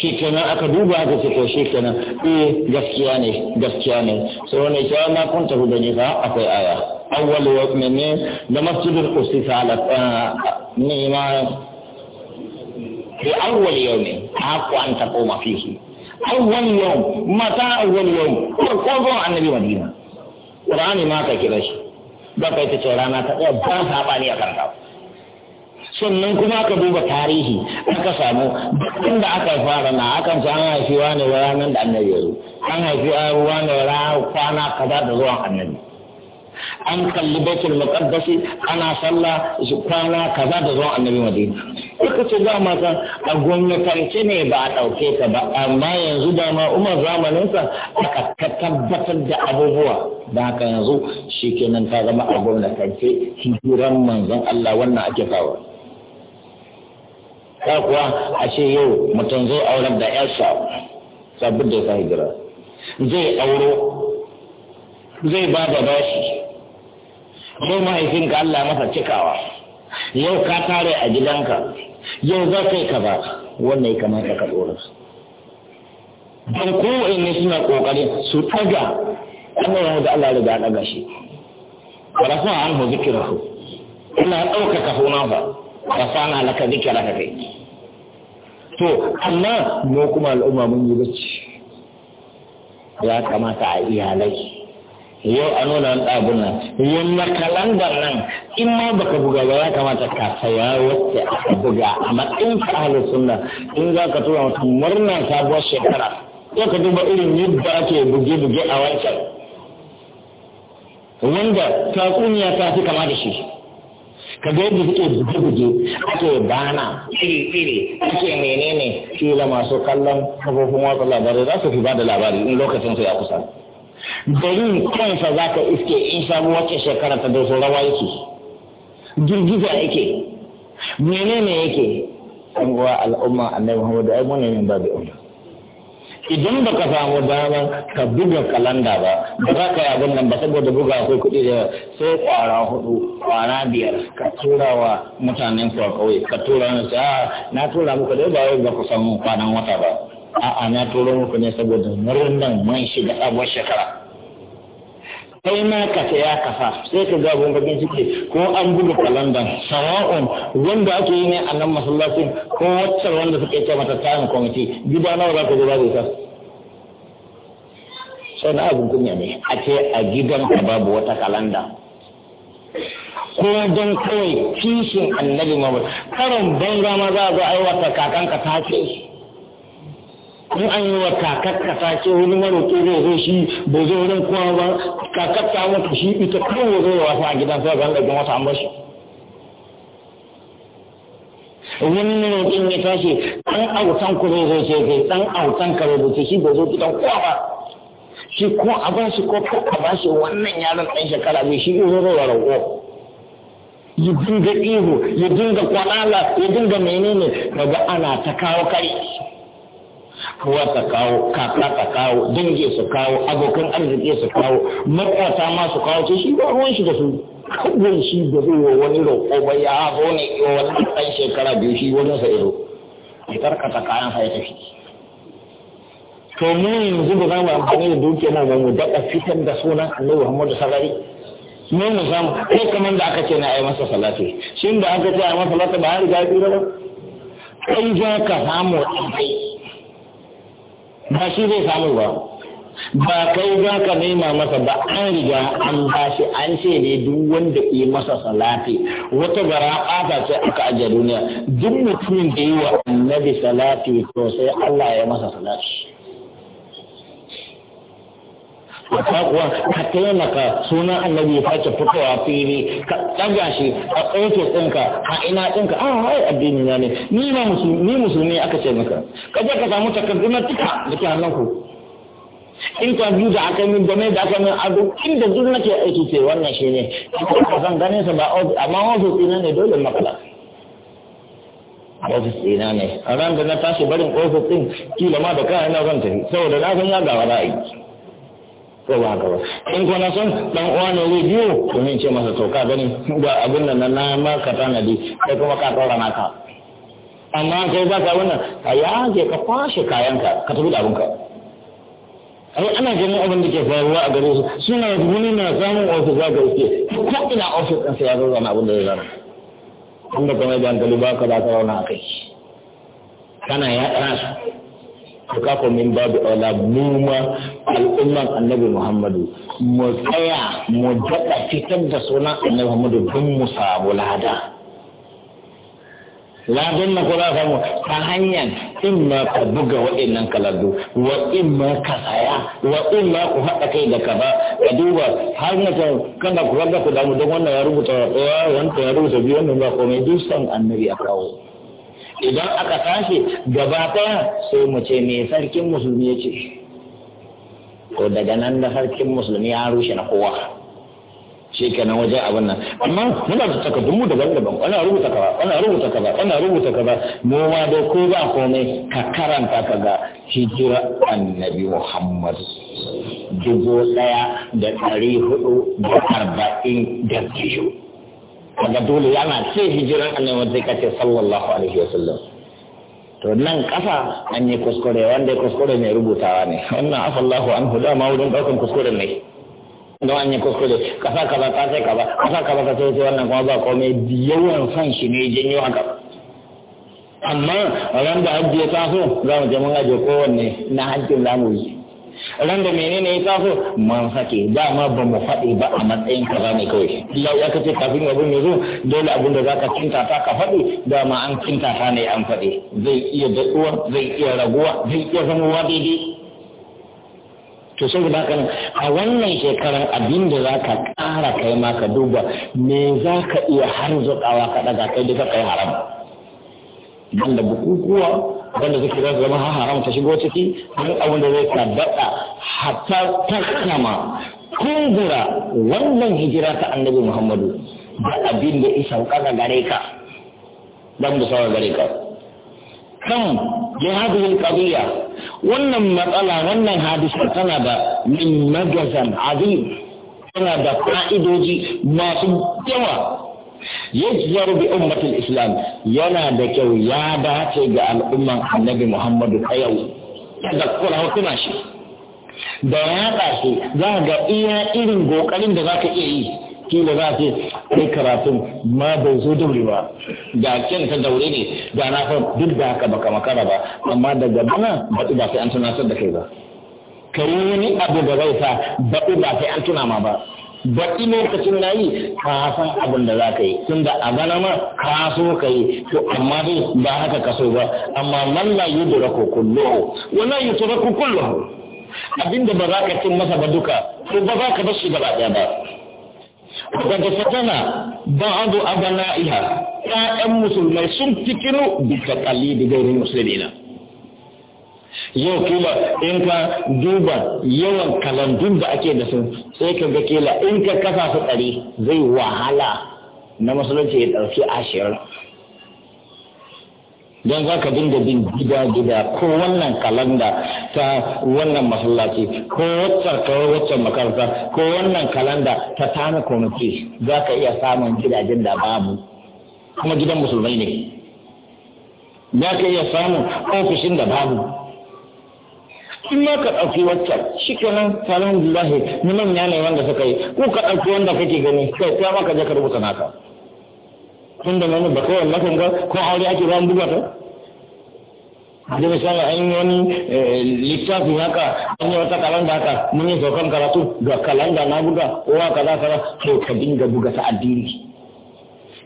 shi kenan aka duba aka ce to shi kenan eh gaskiya ne gaskiya ne sai wani ya ma ah, kun tafi da ni nisa akwai aya awwal wa ne da masjidul qudsi ala ah, Ni ma في أول يوم أحق أن تقوم فيه أول يوم متى أول يوم فرقوا عن النبي مدينة na ما تكرش بقى تتورانا تقوى بان سابعني أكرتاو sannan kuma aka duba tarihi aka samu dukkan da aka fara na akan ce an haifi wani ranar da annabi ya zo an haifi wani ranar kwana kaza da zuwan annabi an kalli bakin muqaddasi ana sallah kwana kaza da zuwan annabi madina suka ce za mata a gwamnatance ne ba a ɗauke ta ba amma yanzu dama umar zamaninsa aka ka tabbatar da abubuwa da haka yanzu shi kenan ta zama a gwamnatance hijiran manzon Allah wannan ake kawo ta kuwa a ce yau mutum zai auren da yarsa sabbin da ta hijira zai auro zai ba da bashi zai mahaifinka Allah masa cikawa yau ka tare a gidanka yau za ka yi ba wannan ya kamata ka ɗora su don kowanne suna ƙoƙarin su taga annabawa da Allah riga ɗaga shi wa rafa an hu zikirahu ina ɗaukaka huna ba rafa na laka zikira ka kai to amma mu kuma al'umma mun yi bacci ya kamata a iyalai yau a nuna wani abu nan yamma kalandar nan in ma baka buga ba ya kamata ka saya wacce aka buga a matsayin ka ahlu sunna in za ka tura mutum murna sabuwar shekara ko ka duba irin yadda ake buge-buge a wancan wanda ta kunya ta fi kama da shi ka ga yadda suke buge-buge ake bana iri-iri ake menene kila masu kallon kafofin watsa labarai za su fi ba da labari in lokacin su ya kusa garin kansa za ka iske in samu wacce shekara ta doso rawa yake girgiza yake menene yake an al'umma annabi Muhammad ai mun ne da umma idan ka samu dama ka buga kalanda ba ba za ka yi abin nan ba saboda buga akwai kuɗi da sai kwara hudu kwana biyar ka tura wa mutanen kuwa kauye ka tura na ah, na tura muku dai ba wai ba ku samu kwanan wata ba a'a na turo muku ne saboda nan man shiga sabuwar shekara kai ma ka saya kasa sai ka ga abun bakin ko an buga kalandan sawa'un wanda ake yi ne a nan masallacin ko wacce wanda suka yi mata tayin kwamiti gida nawa za ka zo babu sai na abin kunya ne a ce a gidan ka babu wata kalanda ko don kawai kishin annabi mawar karon banza ma za a zo aiwata kakanka ta ce in an yi wa kakakka sake wani maroƙi zai zo shi ba zo wurin kuma ba kakakka mutu shi ita kuma ya zo ya wasa a gidan sa zan ɗaga masa an bashi wani maroƙin ya tashi ɗan autan ku zai zo ce kai ɗan autan ka zai zo shi ba zo gidan kowa ba shi ko a ba shi ko ko a ba shi wannan yaron ɗan shekara bai shi ya zo da rago ya dinga ihu ya dinga kwanala ya dinga menene daga ana ta kawo kai kowa ta kawo kaka ta kawo dangi su kawo abokan arziki su kawo matasa ma su kawo ce shi ba ruwan shi da su kawai shi da zai wa wani roƙo ba ya hafo ne wa wani ɗan shekara biyu shi wani sa ido a tarkata kayan sa ya tafi to mu yanzu ba za mu amfani da dukiya na ba mu daɗa fitar da sunan annabi muhammadu sarari mu mu samu kai kamar da aka ce na ayi masa salatu. shin da aka ce a masa salatu ba har ga tsira ba kai za ka samu ɗan kai ba shi zai samu ba ba kai za ka nema masa ba an riga an ba shi an ce ne duk wanda yi masa salati wata bara ta ce aka ajiye duniya duk mutumin da yi wa annabi salati to sai Allah ya masa salati a kuwa ka taimaka suna annabi ya face fitowa fili ka tsaga shi a tsoke tsinka a ina tsinka a ah, hai addini na ne ni musulmi musulmi aka ce maka ka je ka samu takardu na tuka da ke hannun ku interview da aka yi game da aka yi a duk inda duk nake aiki ce wannan shi ne ka san ganin sa ba amma ofis na ne dole makala ofis ɗina ne a ran da na tashi barin ofis ɗin kila ma da kayan na zan tafi saboda na san ya gawa ra'ayi ko ba in kuna son dan uwa ne zai biyo domin ce masa to ka gani ba abin nan na maka tanadi sai kuma ka tsora naka amma kai ba ka wannan a yage ka kwashe kayanka ka tafi da abinka ai ana ganin abin da ke faruwa a gare su suna wani na samun ofis za ka yake ko ina ofis ɗin sai ya zo zana abin da ya zana inda kuma da hankali ba ka za ka rauna a kai kana ya ɗana su to min babu ala muma, al'umman annabi muhammadu mu tsaya mu daɗa fitar da sunan annabi muhammadu don mu samu lada ladon na kula samu ta hanyar in ma ka buga waɗannan kalardu wa in ma ka saya wa in ma ku haɗa kai da kaba, ka duba har na ta kana ku raga ku damu don wannan ya rubuta wa wanda ya rubuta biyu wannan ba komai duk san annabi a kawo idan aka tashi gaba ɗaya sai mu ce me sarkin musulmi ya ce ko daga nan da sarkin musulmi ya rushe na kowa shi kenan waje abin nan amma muna da takardun mu daban-daban wani rubuta kaza wani rubuta kaza wani rubuta kaza mu ma da ko ba komai ka karanta ka ga hijira annabi muhammad dubu ɗaya da ɗari hudu da arba'in da biyu kaga dole yana ce hijiran annabi ya kace sallallahu alaihi wasallam to nan kafa an yi kuskure wanda kuskure mai rubutawa ne wannan afallahu anhu ma wurin daukan kuskure ne don an yi kuskure kasa kaza ta sai kaza kasa kaza ta sai wannan kuma ba kome yawan san shi ne janyo haka amma wanda da hajji ya taso za mu je mun aje kowanne na hajjin za mu yi Randa da menene ya taso man hake dama ba mu faɗi ba a matsayin ka ne kawai illa ya kace kafin abin ya zo dole abinda zaka kinta ta ka faɗi dama an kinta ta ne an faɗi zai iya daɗuwa zai iya raguwa zai iya zama daidai to sai da kana a wannan shekaran abinda zaka ƙara kai ma ka duba me zaka ka iya harzuƙawa ka daga kai da kai haram banda bukukuwa wanda suke za zama ha haram ta shigo ciki duk abin da zai ka daɗa hatta kama kungura wannan hijira ta annabi muhammadu da abin da isa ga gare ka dan da sauka gare ka kan jihadul qadiyya wannan matsala wannan hadisi tana da min magazan azim tana da fa'idoji masu yawa yajjar bi ummatul islam yana da kyau ya dace ga al'umman annabi muhammadu a yau yadda kula tuna shi da ya dace za ga iya irin ƙoƙarin da za ka iya yi kila za ce kai karatun ma bai zo daure ba da kyan ta daure ne da na fa duk da haka baka makara ba amma daga bana baɗi ba sai an tunatar da kai ba ka yi wani abu da zai sa baɗi ba sai an tuna ma ba baki lokacin na yi ka san abin da za ka yi tun da a gana ma ka so ka yi to amma dai ba haka ka so ba amma man la wani yi wa rako kullo abin da ba za ka cin masa ba duka to ba za ka bashi gaba ɗaya ba daga fatana ba'adu iya ƴaƴan musulmai sun fikinu bi da gairin na. yau kila in ka duba yawan kalandun da ake da su sai ka ga kila in ka kasa su ɗari zai wahala na musulunci ya ɗauki ashirin don za ka dinga bin gida-gida ko wannan kalanda ta wannan masallaci ko waccan kawai waccan makaranta ko wannan kalanda ta tana kwamiti za ka iya samun gidajen da babu kuma gidan musulmai ne za ka iya samun ofishin da babu in ma ka ɗauki waccan shi kenan salon lillahi na manya ne wanda suka yi ko ka ɗauki wanda kake gani kai ta maka je ka rubuta naka tun da nan ba kawai lakan ga ko aure ake ba buga ta da misali an yi wani eh, littafi haka an yi wata kalanda haka mun yi saukan karatu ga kalanda na buga kowa ka ba to ka dinga buga ta addini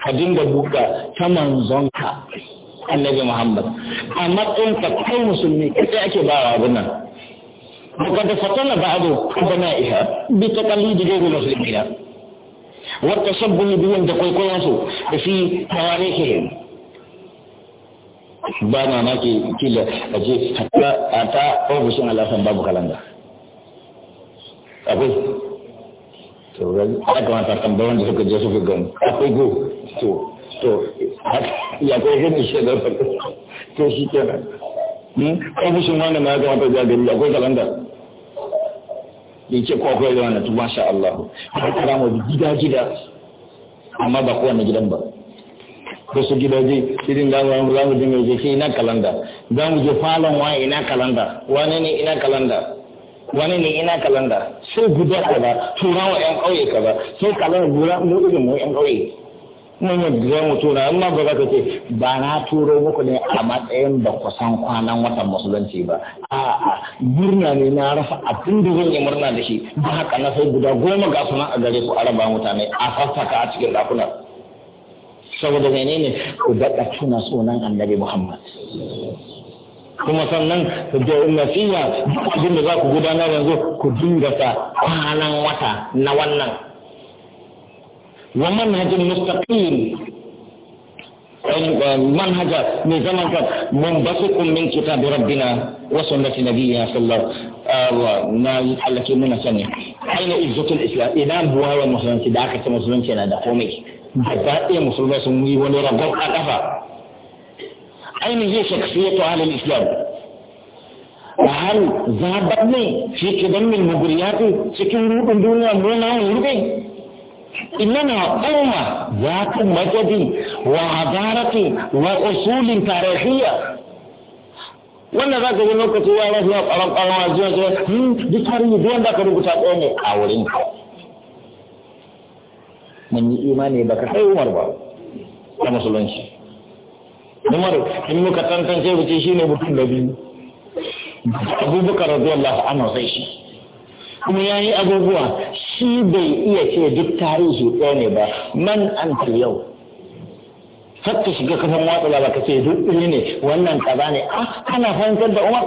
ka dinga buga ta manzonka annabi Muhammad a matsayin ka kai musulmi kai ake ba wa abin nan وقد فتن بعض أبنائها بتقليد غير المسلمين والتصبر بهم دقيقون في تواريخهم ba mamaki kila a je a ta ofishin alasan babu kalanda akwai to ya kamata tambayar da suka je suka gani akwai go to to ya kai gani shi da to shi kenan ofishin wani ma ya kamata ya gani akwai kalanda ya ce ko akwai zuwa na tu masha Allah har kira mu gida gida amma ba kowane gidan ba gida ji irin da mu za mu dinga je ina kalanda za mu je falon wa ina kalanda wani ne ina kalanda wani ne ina kalanda sai guda kaza turawa yan ƙauye kaza sai kalanda gura mu irin mu yan ƙauye nan yadda zai mutu na Allah ba za ka ce ba na turo muku ne a matsayin da kusan kwanan watan musulunci ba a'a murna ne na rasa abin da zan yi murna da shi ba haka na sai guda goma ga sunan a gare ku a raba mutane a sassaka a cikin dakuna saboda menene ku daɗa tuna sunan annabi Muhammad kuma sannan da nasiya duk abin da za ku gudanar yanzu ku dinga sa kwanan wata na wannan ومنهج مستقيم منهج نظام منبثق من كتاب ربنا وسنة نبينا صلى الله عليه وسلم التي آه، من سنة أين عزة الإسلام إذا هو هو المسلم da aka ce musulunci na da komai hatta iya musulmai sun yi wani rabar a ƙafa ainihin shaksiyatu وهل ذهبتني لي في كدم المغريات سكن روح الدنيا مولا يربي إننا أمة ذات مجد وعبارة وأصول تاريخية wanda za ka yi lokaci ya rasu na tsaron ƙarama zuwa zuwa duk tarihi duk wanda ka rubuta ɗaya ne a wurin ka mun yi imani ba ka sai umar ba ta musulunci umar in muka tantance wuce shi ne mutum da biyu abubakar radiyallahu anhu sai shi kuma ya yi abubuwa shi bai iya ce duk tarihi ɗaya ne ba man an yau har ka shiga kafin watsa ba ka ce duk ɗini ne wannan ka ne a ah, ana fahimtar da umar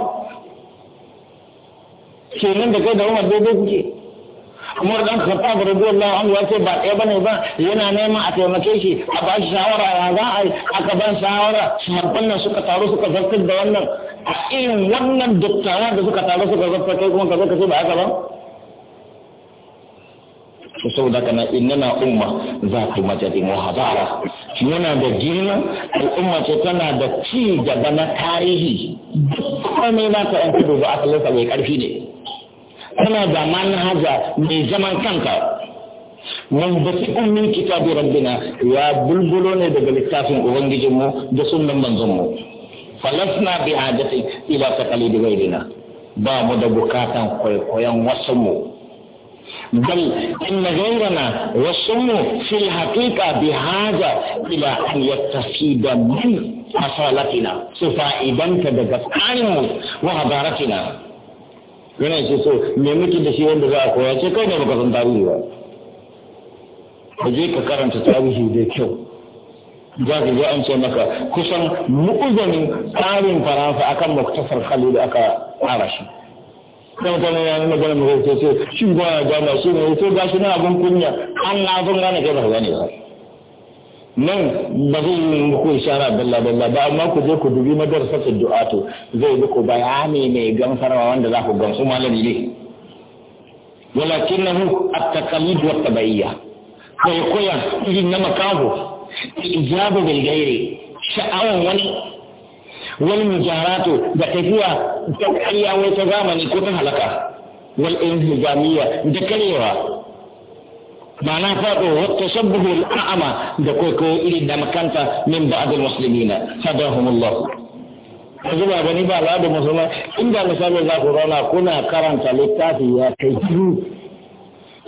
kenan da kai da umar daidai kuke umar dan da rabuwar lawan ya ce ba ɗaya bane ba yana neman a taimake shi a ba shi shawara ya za a yi aka ban shawara sahabban nan suka taru suka zartar da wannan a irin wannan dattawa da suka taru suka zartar kai kuma ka zo ka ce ba haka ba su saboda kana na umma za ku majadi muhabara muna da girma al'umma ce tana da ci gaba na tarihi komai na ta yanka dubu asalinsa mai karfi ne tana da manhaja mai zaman kanka mun ba su ummin kitabi rabbina ya bulbulo ne daga littafin ubangijinmu da sunan manzonmu falasna bi hajati ila taqalidi ghayrina ba mu da bukatan kwaikwayon wasu mu بل إن غيرنا وصموا في الحقيقة بهذا إلى أن يستفيد من أصالتنا سفائدا كدكتانه وحضارتنا yana ce so me muke da shi wanda za a koya ce kai ne baka san tarihi ba ka je ka karanta tarihi da kyau za ka je an ce maka kusan mu'uzanin tsarin faransa akan muktasar khalil aka fara shi kan kana ya nuna gwanin mai hoto ce shi gwanin ya gana su ne hoto ga na abin kunya an na abin gane kai ba gane ba nan ba zai yi muku ishara dalla dalla ba amma ku je ku dubi madarsatul du'atu zai ku bayani mai gamsarwa wanda za ku gamsu malami ne walakinahu at-taqallid wa tabayya kai koyan irin na makaho ijabu bil sha'awan wani wal mujaratu da tafiya ta ƙarya wai ta zamani ko ta halaka wal inhijamiyya da karewa ma'ana faɗo wata shabbuhu al'ama da kwaikwayo irin da makanta min ba'adul muslimina sadahumullahu yanzu ba gani ba al'adun musulman inda misali za ku zauna kuna karanta littafi ya kai biyu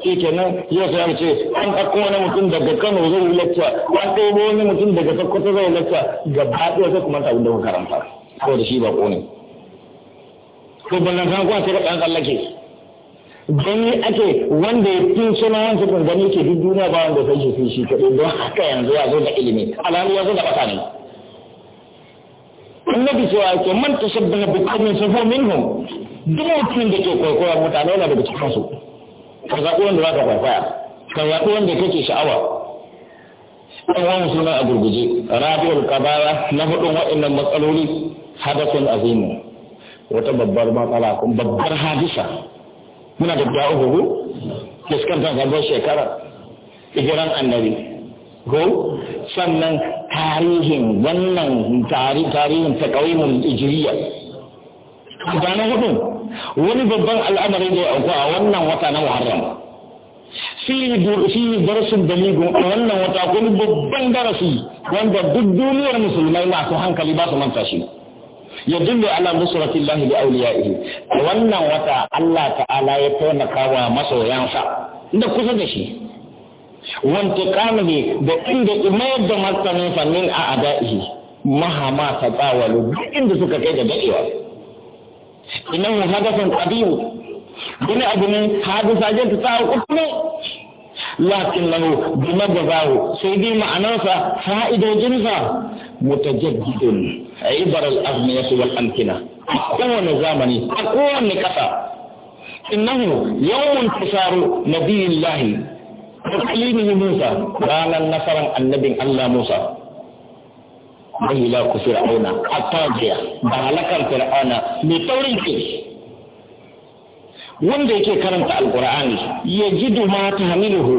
shi kenan ya sa ce an ɗauko wani mutum daga kano zai lacca an ɗauko wani mutum daga sokoto zai lacca gaba ɗaya zai kuma ta abin da ko da shi ba ne ko ballan kan kuwa sai ka ɗan tsallake gani ake wanda ya fi suna yanzu kun gani ke duk duniya ba wanda sai shi shi kaɗai don haka yanzu ya zo da ilimi alhali ya zo da ƙasa ne annabi cewa ke man tashabbaha bi sun fa minhum duk mutum da ke kwaikwayo mutane yana daga cikin su ka zaɓi wanda za ka kwaikwaya ka zaɓi wanda kake sha'awa ɗan wani suna a gurguje rabiyar kabara na hudun waɗannan matsaloli hadasun azimu wata babbar matsala babbar hadisa muna da da uku fuskantar sabon shekara hijiran annabi go, sannan tarihin wannan tarihin ta ƙauyen ijiriya gane hudu wani babban al'amarin da ya auku a wannan wata na muharram fi darasin daligun a wannan wata kuma babban darasi wanda duk duniyar musulmai masu hankali ba su manta shi ya dillo ala da auliya ihi a wannan wata Allah ta'ala ya taimaka wa masoyansa da kusa da shi wanta kamale da inda mayar da martanin fannin a adaihi mahama ta tsawalu duk inda suka kai da dadewa إنه حدث قديم wani abu ne hadisa jan ta tsawo uku ne lakin lahu bi magazahu sai dai ma'anarsa fa'idojinsa mutajaddidun ibar al-azmiyah wal amkina kowane zamani a kowane kasa innahu yawmun tusaru nabiyillahi wa qalimihi Musa ranar nasaran annabin Allah Musa mahila ku fir'auna attajiya da halakar fir'auna mai taurin ke wanda yake karanta alkur'ani ya ji duma ta hamiluhu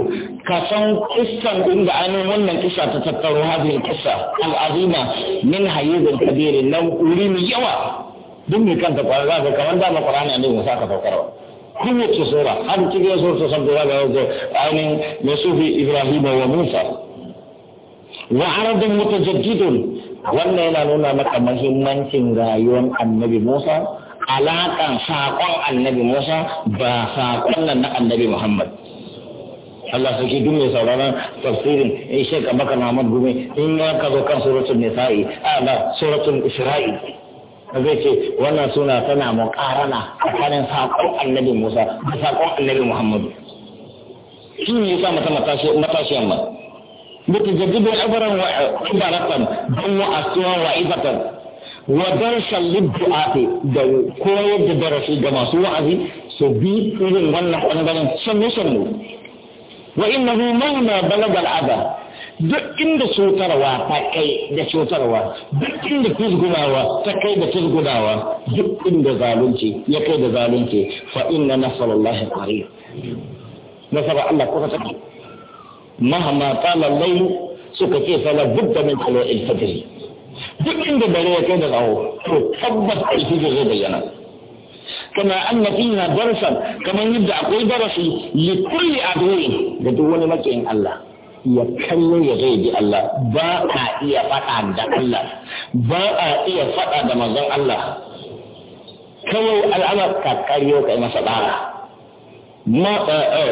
ka san kissan inda an wannan kisa ta tattaro hadin kisa al'azima min hayyizul kabiri na wuri mai yawa duk mai kanta kwarar zaka kamar dama qur'ani ne musa ka saukarwa kowace sura har cikin sura sabbi zaka ga ainihin ne sufi ibrahim wa musa wa arabin mutajaddidun wannan yana nuna maka mahimmancin rayuwar annabi Musa alaƙan saƙon annabi Musa ba saƙon nan na annabi Muhammad. Allah sarki duk mai sauraron tafsirin in ka maka Muhammad Gumi in ya ka zo kan suratul Nisa'i a ba suratul Isra'i zai ce wannan suna tana muƙarana tsakanin saƙon annabi Musa da saƙon annabi Muhammad. Shi ne yasa mata matashi amma. بتجدد عبرا وعبرة دم أسوى وعبرة ودرس للدعاء دو كوية درس الجماعة وعزي سبيل إذن ونح ونبلن سنو سنو وإنه مهما بلغ الأذى duk inda cutarwa ta kai da cutarwa duk inda tuzgunawa ta kai da tuzgunawa duk inda zalunci ya kai da zalunci fa inna nasarullahi qarib nasara Allah kuka take mahama lallai al-layl suka ce fala budda min duk inda dare ya kai da tsawo to tabbas alfijir zai bayyana kama anna fiha darasan kamar yadda akwai darasi li a adwi da duk wani makiyin Allah ya kallo ya zai ji Allah ba a iya faɗa da Allah ba a iya faɗa da manzon Allah kawai al'amar ka karyo kai masa ɗara ma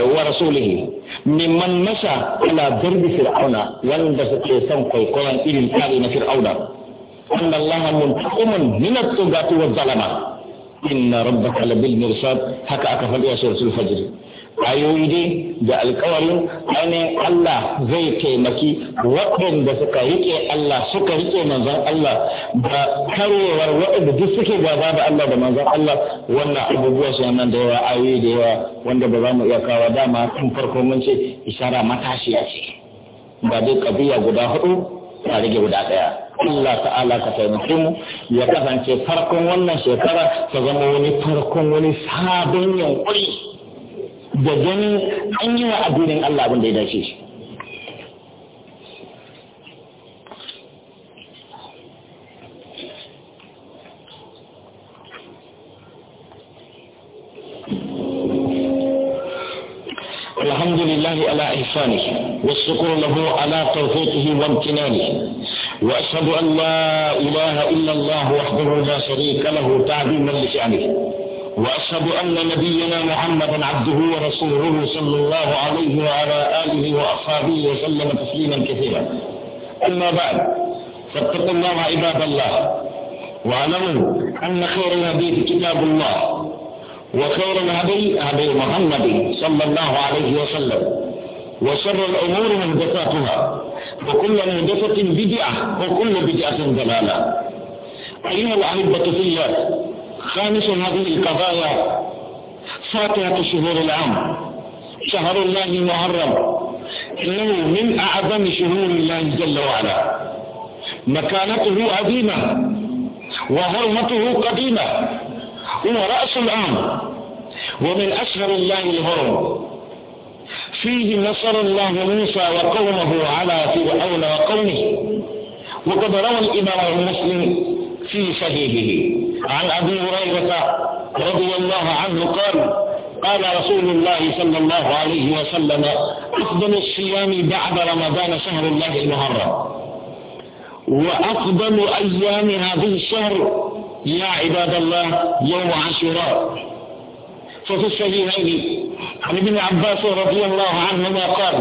wa rasulihi mimman nasha ala darbi fir'auna wanda suke son kwaikwayon irin tsari na fir'auna anna allaha muntaqimun min at tughati wadh-dhalama inna rabbaka labil mirsad haka aka faɗi a suratul fajr ayoyi dai da alkawarin ainihin Allah zai taimaki waɗanda suka riƙe Allah suka riƙe manzon Allah da karyewar waɗanda duk suke gaba da Allah da manzon Allah wannan abubuwa su nan da yawa ayoyi da yawa wanda ba za mu iya kawo dama tun farko mun ce ishara matashiya ce ba dai kabiya guda hudu ta rage guda ɗaya Allah ta'ala ka taimake mu ya kasance farkon wannan shekara ta zama wani farkon wani sabon yankuri da gani an yi wa addinin Allah abin da ya dace shi الحمد لله على إحسانه والشكر له على توفيقه وامتنانه وأشهد أن لا إله إلا الله وحده لا شريك له تعظيما لشأنه وأشهد أن نبينا محمدا عبده ورسوله صلى الله عليه وعلى آله وأصحابه وسلم تسليما كثيرا أما بعد فاتقوا الله عباد الله واعلموا أن خير الهدي كتاب الله وخير الهدي هدي محمد صلى الله عليه وسلم وشر الأمور محدثاتها وكل محدثة بدعة وكل بدعة ضلالة أيها الأحبة في الله خامس هذه القضايا فاتحة شهور العام شهر الله المحرم إنه من أعظم شهور الله جل وعلا مكانته عظيمة وهرمته قديمة هو رأس العام ومن أشهر الله الهرم فيه نصر الله موسى وقومه على فرعون وقومه وقد روى الإمام مسلم في صحيحه عن أبي هريرة رضي الله عنه قال قال رسول الله صلى الله عليه وسلم أفضل الصيام بعد رمضان شهر الله المحرم وأفضل أيام هذه الشهر يا عباد الله يوم عاشوراء ففي الصحيحين عن ابن عباس رضي الله عنهما قال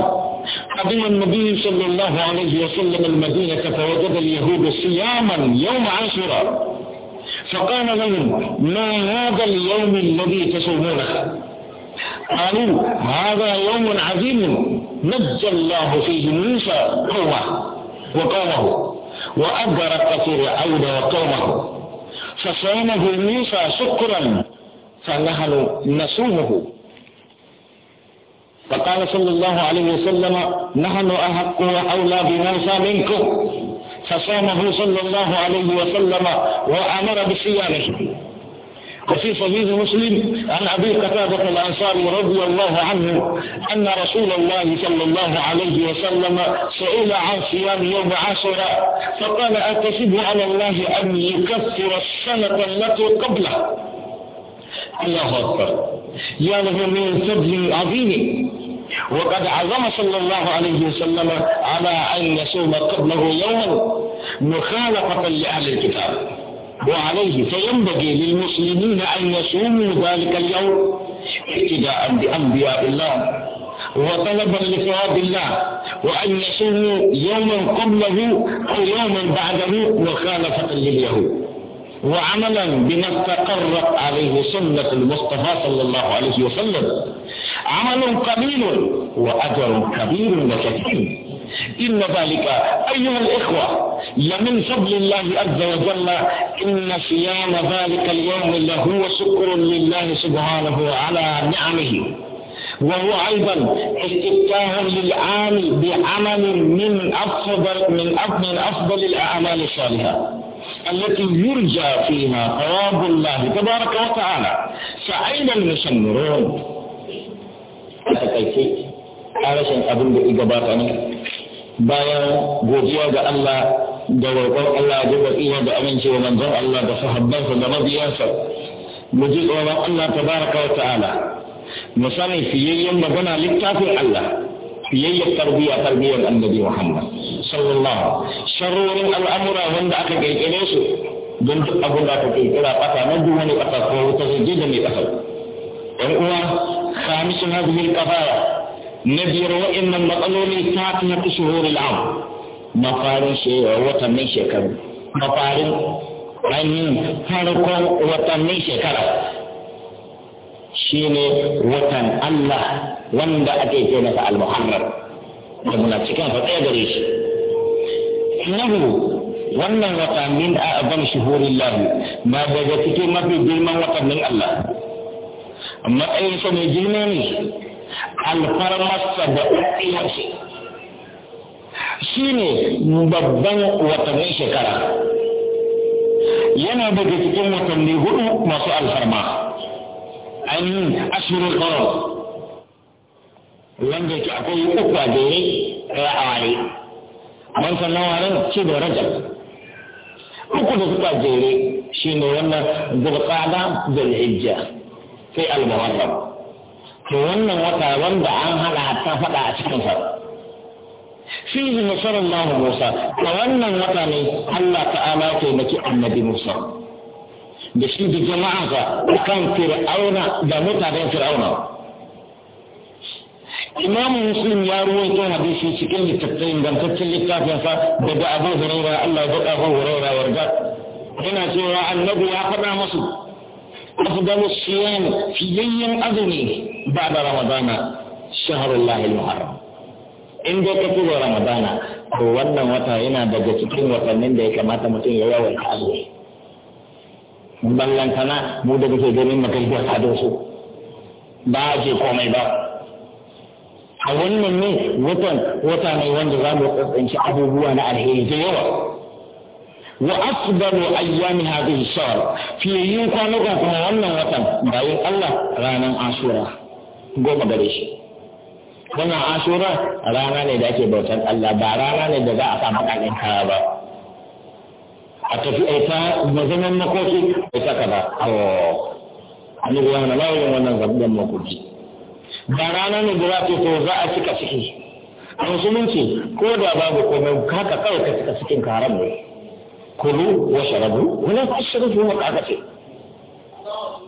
قدم النبي صلى الله عليه وسلم المدينة فوجد اليهود صياما يوم عاشوراء فقال لهم ما هذا اليوم الذي تصومونه قالوا هذا يوم عظيم نجى الله فيه موسى قومه وقومه وأدرك فرعون وقومه فصامه موسى شكرا فنحن نصومه فقال صلى الله عليه وسلم نحن أحق وأولى بموسى منكم فصامه صلى الله عليه وسلم وأمر بصيامه وفي صحيح مسلم عن أبي قتادة الأنصاري رضي الله عنه أن رسول الله صلى الله عليه وسلم سئل عن صيام يوم عاشوراء فقال أتسب على الله أن يكفر السنة التي قبله الله أكبر يا له من فضل عظيم وقد عظم صلى الله عليه وسلم على أن يصوم قبله يوما مخالفة لأهل الكتاب وعليه فينبغي للمسلمين أن يصوموا ذلك اليوم ابتداء بأنبياء الله وطلبا لثواب الله وأن يصوموا يوما قبله أو يوما بعده مخالفة لليهود وعملا بما استقرت عليه سنة المصطفى صلى الله عليه وسلم عمل قليل وأجر كبير وكثير إن ذلك أيها الإخوة لمن فضل الله عز وجل إن صيام ذلك اليوم لهو شكر لله سبحانه على نعمه وهو أيضا استفتاح للعام بعمل من أفضل من أفضل, أفضل الأعمال الصالحة التي يرجى فيها ثواب الله تبارك وتعالى فأين المشمرون؟ أتكيفي أرسل أبن بإجابات أنا bayan godiya ga Allah da roƙon Allah ya duba tsira da amincewa manzon Allah da sahabbansa da mabiyansa mu ji tsoron Allah ta wa ta'ala mu sani fiyayyen magana littafin Allah fiyayyar tarbiyya tarbiyyar annabi Muhammad sallallahu sharorin al'amura wanda aka kirkire su don duk abin da aka kirkira kasa na duk wani kasa ko wuta su mai kasa ɗan uwa khamisun hadhihi al na biyar wa'annan matsaloli ta na shuhuril am mafarin watannin shekaru mafarin ainihin farkon watannin shekara shi ne watan Allah wanda ake ce masa al-muharram da muna cikin fatsaya gare shi nahu wannan wata min a abin shuhurin lahu ba daga cikin mafi girman watannin Allah matsayinsa mai girma ne alfarmasa da ɗaya shi shine babban watannin shekara yana daga cikin watanni hudu masu alfarma ainihin ashirin ƙarar wanda ke akwai uku a jere ɗaya a ware wancan na waren shi da rajab uku da suka jere shi ne wannan zulƙada da hijja sai al-muharram to wannan wata wanda an hada ta faɗa a cikin sa فيه نصر الله موسى فوانا وطني الله تعالى تيمكي نبي موسى بشي دي جماعة كان فرعون دا موتا دين فرعون إمام مسلم يروي كان بيشي شكين لتبتين دم تبتين لتبتين بدأ أبو هريرة الله يبقى أبو هريرة ورجاء هنا سيرا نبي يأخذ مصر أفضل الصيام في يوم أذني بعد رمضان شهر الله المحرم in dai ka tuba ramadana to wannan wata yana daga cikin watannin da ya kamata mutum ya yawaita azumi ballantana mu da muke ganin makalbiya ta da su ba a ce komai ba a wannan ne watan wata ne wanda za mu tsantsanci abubuwa na alheri da yawa wa afdalu ayyami hadhihi shahr fi yukanu kuma wannan watan bayan Allah ranan Ashura goma gare shi wannan asura rana ne da ake bautar Allah ba rana ne da za a samu baƙaƙen kaya ba a tafi aita ba zaman makoki aita kaza annabi yana ba yin wannan zabban makoki ba rana ne da za ta to za a cika ciki a musulunci ko da babu komai haka kawai ka cika cikin haram ne kulu wa sharabu wala tashrabu wa qaqati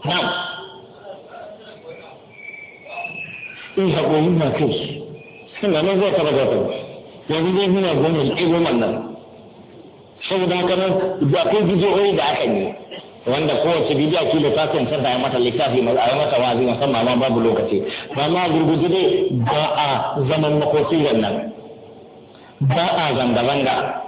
na'am in haƙoƙin na kai shi suna nan zai taɓa zata yanzu zai nuna goma ke goma nan saboda haka nan da akwai bidiyoyi da aka yi wanda kowace bidiyo da ta kwantar da ya mata littafi a yi mata wazi musamman ma babu lokaci ba ma gurgudu dai ba a zaman makoki wannan ba a zanga-zanga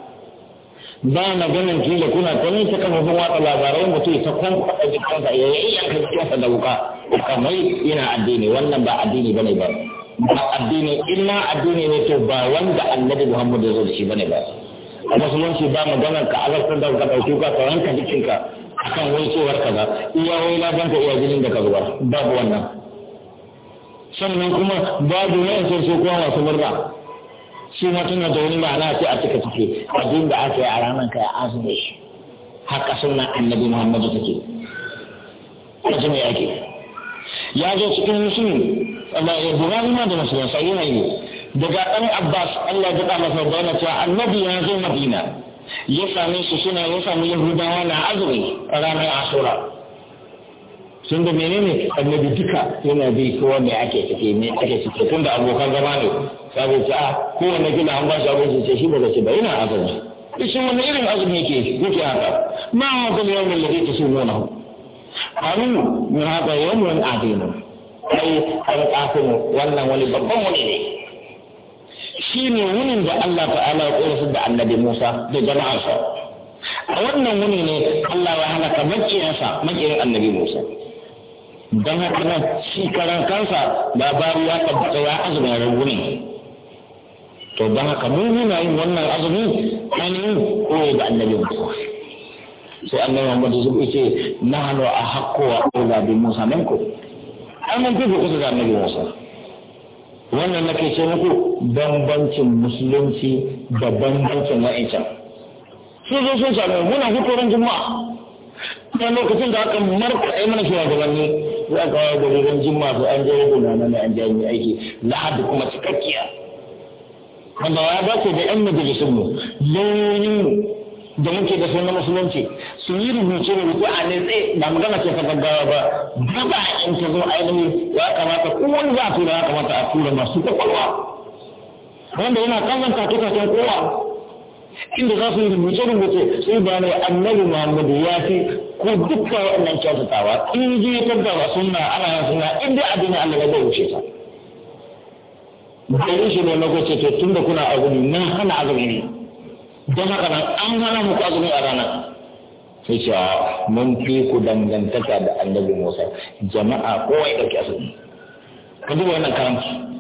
ba na maganin da kuna ta nesa kafafin watsa labarai mutum ta kwan kwaɗa jikinsa ya yi yanka jikinsa da wuka kamar yana addini wannan ba addini ne ba ba addini ina addini ne to ba wanda annabi muhammadu ya zo da shi ne ba a musulunci ba ganin ka azabtar da ka ɗauki ka tsaron ka jikinka akan wai cewar ka ba iya wai ladan ka iya jinin da ka zuba babu wannan sannan kuma babu wa'ansu su kuma masu murna shi ma tana da wani ma'ana ce a cika take abin da aka yi a ranar kai a azumi haka annabi muhammadu take azumi ake ya zo cikin musulmi Allah ya buhari ma da musulmi sai yana yi daga ɗan abbas Allah ya daɗa masa da cewa annabi ya zo madina ya same su suna ya sami yahudawa na azumi a ranar asura sun da menene annabi duka yana bi ko wanda ake cike ne ake cike tun da abokan zama ne sabu ta ah, ko wanda kila an ba shi abin ce shi ba zai ba yana azumi shi wani irin azumi yake yake haka ma wa kullu yawmin ladhi tusumunahu qalu min hadha yawmun adin ai an kafin wannan wani babban wani ne shi ne wunin da Allah ta'ala ya kora da annabi Musa da jama'arsa a wannan wuni ne Allah ya halaka makiyansa makiyan annabi Musa don haka nan shi karan kansa labari ya tabbata ya azumin rangunan to don haka mu muna yin wannan azumin ainihin koyi da annabi musa sai annabi muhammadu zai ce na hannu a hakkowa ƙola bin musa nan ko an mun fi kusa da annabi musa wannan na ke ce muku bambancin musulunci da bambancin wa'ancan sun zo sun samu muna hukurin juma'a kuma lokacin da aka marka ai mana shugabanni za ka kawo da gudun jimma su an je guna na ne an je aiki aiki lahadi kuma cikakkiya wanda ya dace da yan majalisun majalisunmu mu da muke da sunan musulunci su yi rubuce rubuce a ne tsaye ba magana ce ta gaggawa ba gaba in ta zo ainihin ya kamata ko wani za a tura ya kamata a tura masu kwakwalwa wanda yana kallon take kowa inda za su yi rubuce-rubuce sai ba ne annabi muhammadu ya fi ko dukkan waɗannan kyautatawa in ji ya tabbata suna ana yin suna inda addinin allah ya zai wuce ta bayan shi ne magwace to tun da kuna azumi na hana azumi ne don haka nan an hana muku azumi a rana. sai cewa mun fi ku dangantaka da annabi musa jama'a kowa ya ɗauki azumi ka duba wannan karanci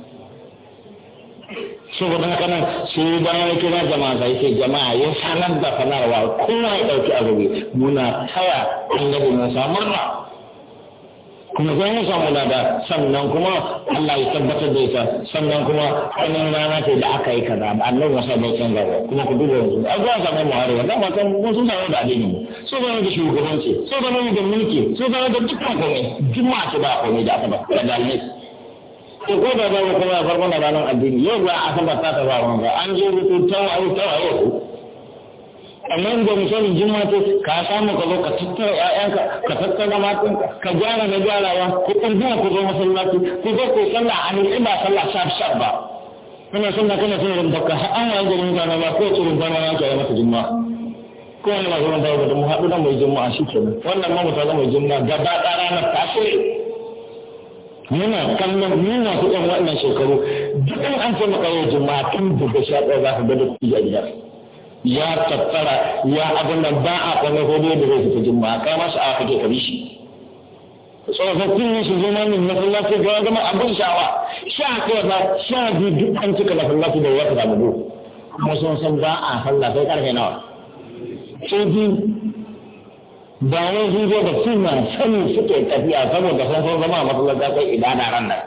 saboda haka nan yi bayan kira jama'a sai sai jama'a ya sanar da sanarwa kuma ya ɗauki azumi muna taya annabi Musa murna kuma zai mu samu lada sannan kuma Allah ya tabbatar da ita sannan kuma ainihin rana ce da aka yi kaza annabi Musa bai canza ba kuma ku duba yanzu a zuwa samu Buhari wanda ba san mun sun samu da addini mu so zama da shugabanci so zama da mulki so zama da dukkan komai juma'a ce ba komai da aka ba da dalilai to ko da zama kuma a farkon da ranar addini yau ba a san ba ta ba ba an zo rutu tawa yau tawa yau amma da misali juma ce ka samu ka zo ka tattara ƴaƴanka ka tattara matanka ka gyara na gyarawa ku ɗunguma ku zo masallaci ku zo ku sallah a nutsi ba sallah sharp sharp ba kana sallah kana sallah rumfa ka har an yanzu rumfa na ba ko rumfa na yanka ya mata juma ko wani masu rumfa ba da mu haɗu da mai juma'a shi kenan wannan ma mu ta zama juma'a gaba ɗaya ranar ta kure muna kallon muna kuɗin wannan shekaru duk an ce makarar juma'a tun daga sha ɗaya za ka ga da a gida ya tattara ya abin nan ba a kwanne ko bai da zai fita juma'a kai ma sha'a kake shi bi shi tsofaffin su zama min masallaci ga gama abin sha'awa sha kai ba sha biyu duk an cika masallaci da wata da mu kuma sun san ba a sallah sai karfe nawa sai biyu ba wai sun zo da suna sani suke tafiya saboda sun san zama masallaci kai ibada ran nan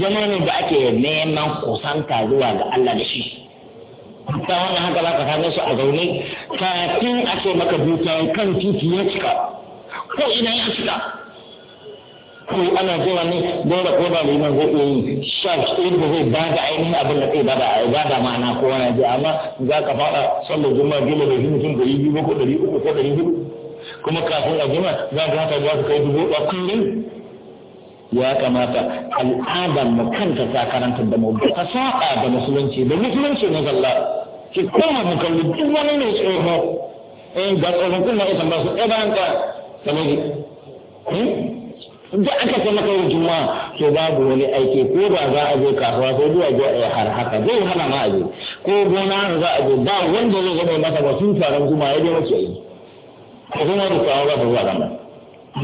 zama ne da ake neman kusanta zuwa ga Allah da shi ta wannan haka za ka same su a zaune kafin a ce maka dukiya kan titi ya cika ko ina ya cika ko ana zuwa ne dole ko ba liman zai iya yi shaf ɗin ba zai bada ainihin abin da zai bada a bada ma'ana ko wani ji amma za ka faɗa sallar juma'a gila da shi mutum ɗari biyu ko ɗari uku ko ɗari hudu kuma kafin a gina za ka haka za su kai dubu a kullum ya kamata al'adar mu kanta ta karanta da mu ba ta saba da musulunci da musulunci na zalla ki kuma mu kalli duk wani ne tsoho in eh, ga tsohon kun na isa ba su ɗaya eh, bayan ka samari hmm? da aka ce maka juma juma'a to babu wani aiki ko ba za a je kasuwa ko zuwa je a har haka zai hana ma a je ko gona za a je ba wanda zai zama masa ba sun taron kuma ya je wace yi ko kuma da tsawo ba ba nan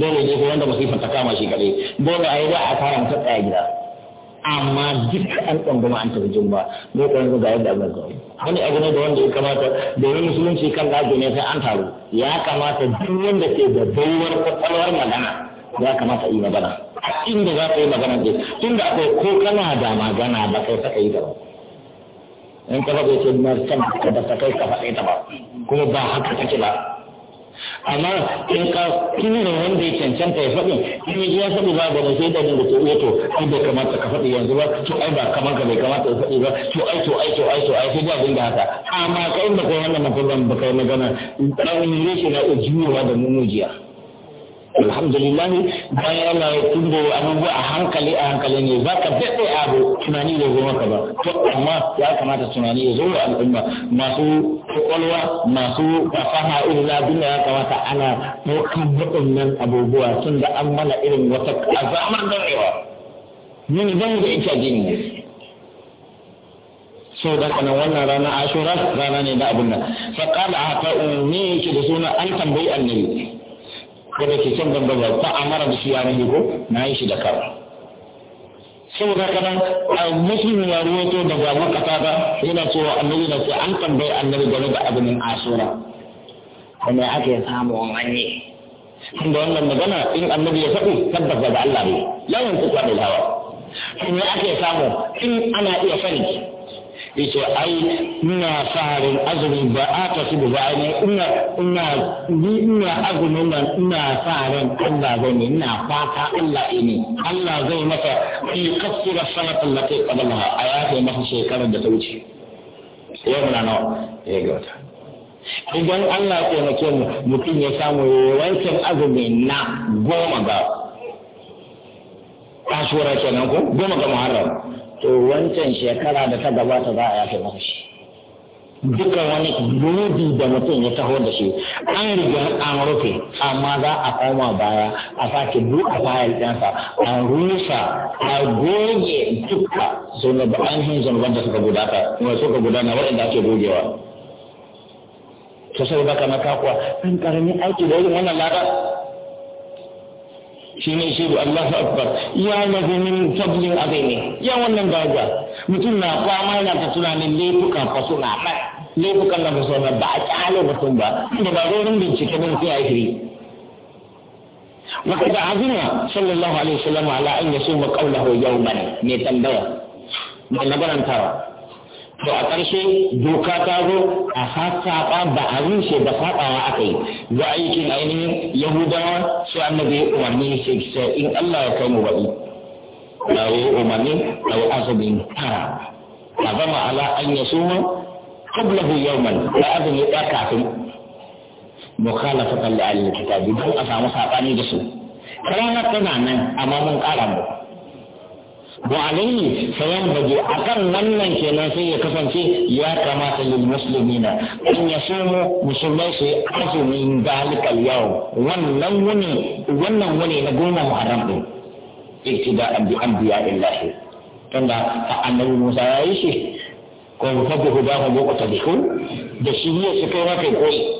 dole ne ko wanda musifar ta kama shi kaɗai dole a yi za a karanta tsaya gida amma duk an tsangwama an tafi jin ba ne ko yanzu ga yadda abin kawai wani abu ne da wanda ya kamata da yi musulunci kan gaji ne sai an taru ya kamata duk wanda ke da baiwar kwakwalwar magana ya kamata yi magana a inda za ka yi magana ɗin tun da akwai ko kana da magana ba kai saka yi gaba in ka faɗe ce na can ka ba kai ka faɗa ta ba kuma ba haka take ba amma in ka kunna wanda ya cancanta ya faɗi in ya faɗi ba da sai da dinga to to ai bai kamata ka faɗi yanzu ba to ai ba kamar ka bai kamata ya faɗi ba to ai to ai to ai to ai sai da da haka amma kai da kai wannan magana ba kai magana ɗan shi na ujuwa da mumujiya. alhamdulillah bayan Allah ya tunde abubuwa a hankali a hankali ne za ka daɗe abu tunani da zo maka ba to amma ya kamata tunani ya zo wa al'umma masu kwakwalwa masu fasaha irin na duniya ya kamata ana ɗaukar waɗannan abubuwa tun da an mana irin wata azamar darewa ni zan da ita jini ne so da kana wannan rana ashura rana ne da abun nan fa qala ta ummi ki da suna an tambayi annabi kada da ke can gangaba ta amara da shi yaran rage ko na yi shi da kara saboda kanan a musulmi ya ruwato da daga kasa ba yana cewa annabi na ce an tambayi annabi game da abinin asura kuma ya ake samu wani da wannan magana in annabi ya faɗi tabbas daga Allah ne yawan tukwa da hawa kuma ya ake samu in ana iya sani yace ai ina farin azumi ba a ta su da ne ina ina ni ina azumi nan ina farin Allah zai ne ina fata Allah ne Allah zai maka fi kaffira salat allati qablaha ayati masa shekarar da ta wuce yau muna nawa ya ga wata idan Allah ya taimake mu mutum ya samu yawancin azumi na goma ga ashura kenan ko goma ga muharram wancan shekara da ta gabata za a yafe masa shi dukkan wani gudu da mutum ya taho da shi an riga an rufe amma za a koma baya a sake a fayil ɗinsa a rusa a goge duka zunuba hin zunuban da suka gudana suka gudana waɗanda ake gogewa to baka kamar kakuwa ɗan ƙaramin aiki da wannan lada shi ne shi Allahu akbar ya nabi min fadlin azimi ya wannan gaza mutum na fama yana ta tunanin laifuka fa suna ba laifukan da suna ba a kyale mutum ba da ba zorin bincike ne sai a yi وقد عزم صلى الله عليه وسلم ma أن يصوم yau يوما ne بيا ما نقول to a ƙarshe doka ta zo a sassaɓa ba a rushe ba saɓawa aka yi ga aikin ainihin yahudawa sai an ya umarni shi in Allah ya kai mu baɗi na yi umarni na yi azumin tara na zama ala an yi suma yau yawman na azumin ɗa kafin mu kala fatan da alin kitabi a samu saɓani da su ranar tana nan amma mun ƙara mu wa alayhi sayan baje akan wannan kenan sai ya kasance ya kamata lil muslimina an yasumu musulmai su azumin dalikal yau wannan wuni wannan wani na goma muharram din iktida'an bi anbiya'illahi tunda annabi Musa ya yi shi ko fa ku hudahu ko tabihu da shi ne su kai ma kai koyi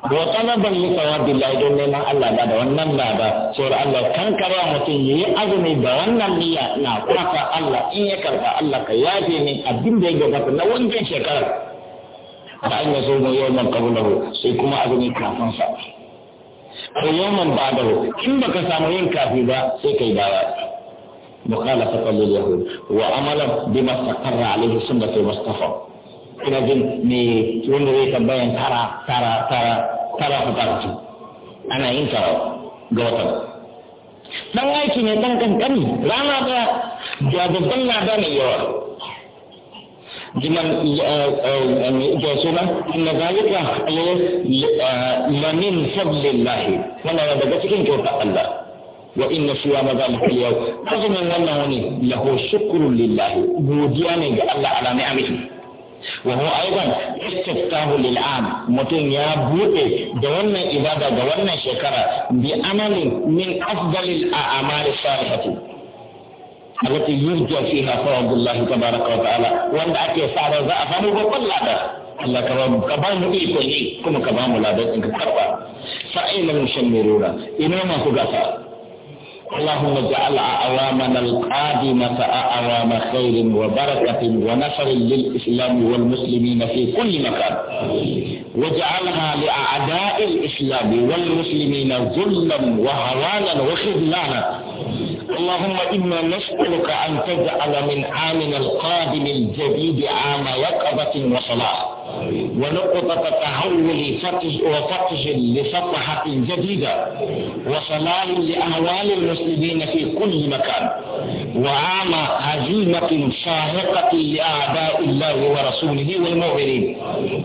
wa talaban li sawabillahi don neman Allah ba da wannan ba ba sai Allah kan karwa mutum yayi azumi da wannan niyya na kwafa Allah in ya karba Allah ka yafe ni abin da ya gabata na wancan shekarar da an yaso mu yau man kabulahu sai kuma azumi kafin sa ko yau man badahu in baka samu yin kafi ba sai kai baya مخالفة لليهود وعملا بما استقر sun سنة المصطفى kirazin ni wanda zai tambayan tara cara cara tara ku tara ce ana yin ta ga wata dan aiki ne dan kankani rana da jagoban na da mai yawa jiman ya, eh, eh, ga suna inna zalika ayyaya eh, lamin fadlillahi wannan daga cikin kyautar Allah wa inna siyama zalika yau azumin wannan wani lahu shukrun lillahi godiya ne ga Allah ala ni'amihi wa huwa aidan istiftahu lil am mutum ya bude da wannan ibada da wannan shekara bi amalin min afdalil a'mali salihati allati yurja fiha fadlullahi tabaraka wa ta'ala wanda ake fara za a samu babban lada Allah ka bamu ka bamu iko ne kuma ka bamu ladan in ka karba fa'ilal mushammiruna ina ma ku gasa اللهم اجعل أعوامنا القادمة أعوام خير وبركة ونصر للإسلام والمسلمين في كل مكان واجعلها لأعداء الإسلام والمسلمين ذلا وهوانا وخذلانا اللهم إنا نسألك أن تجعل من عامنا القادم الجديد عام يقظة وصلاه ونقطة تحول فتش وفتش لصفحة جديدة وصلاح لأهوال المسلمين في كل مكان وعام هزيمة شاهقة لأعداء الله ورسوله والمؤمنين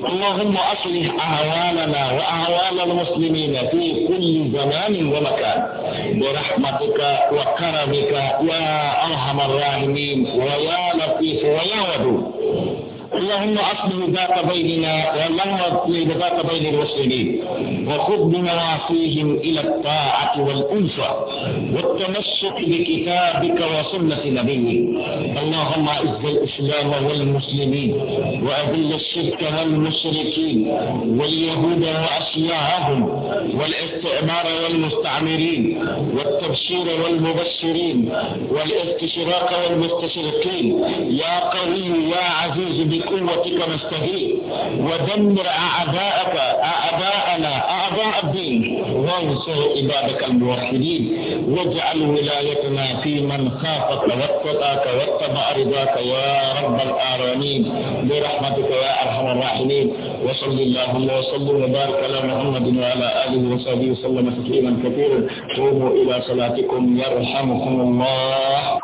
اللهم أصلح أهوالنا وأهوال المسلمين في كل زمان ومكان برحمتك وكرمك يا أرحم الراحمين ويا لطيف ويا ودود اللهم أصلح ذات بيننا واللهم أصلح ذات بين المسلمين وخذ بنواصيهم إلى الطاعة والأنفة والتمسك بكتابك وسنة نبيك اللهم أعز الإسلام والمسلمين وأذل الشرك والمشركين واليهود وأشياعهم والاستعمار والمستعمرين والتبشير والمبشرين والاستشراق والمستشرقين يا قوي يا عزيز بكل قوتك نستهيل ودمر أعداءك أعداءنا أعداء الدين وانصر عبادك الموحدين واجعل ولايتنا في من خافك واتقاك واتبع رضاك يا رب العالمين برحمتك يا أرحم الراحمين وصل اللهم وسلم وبارك على محمد وعلى آله وصحبه وسلم تسليما كثيرا قوموا إلى صلاتكم يرحمكم الله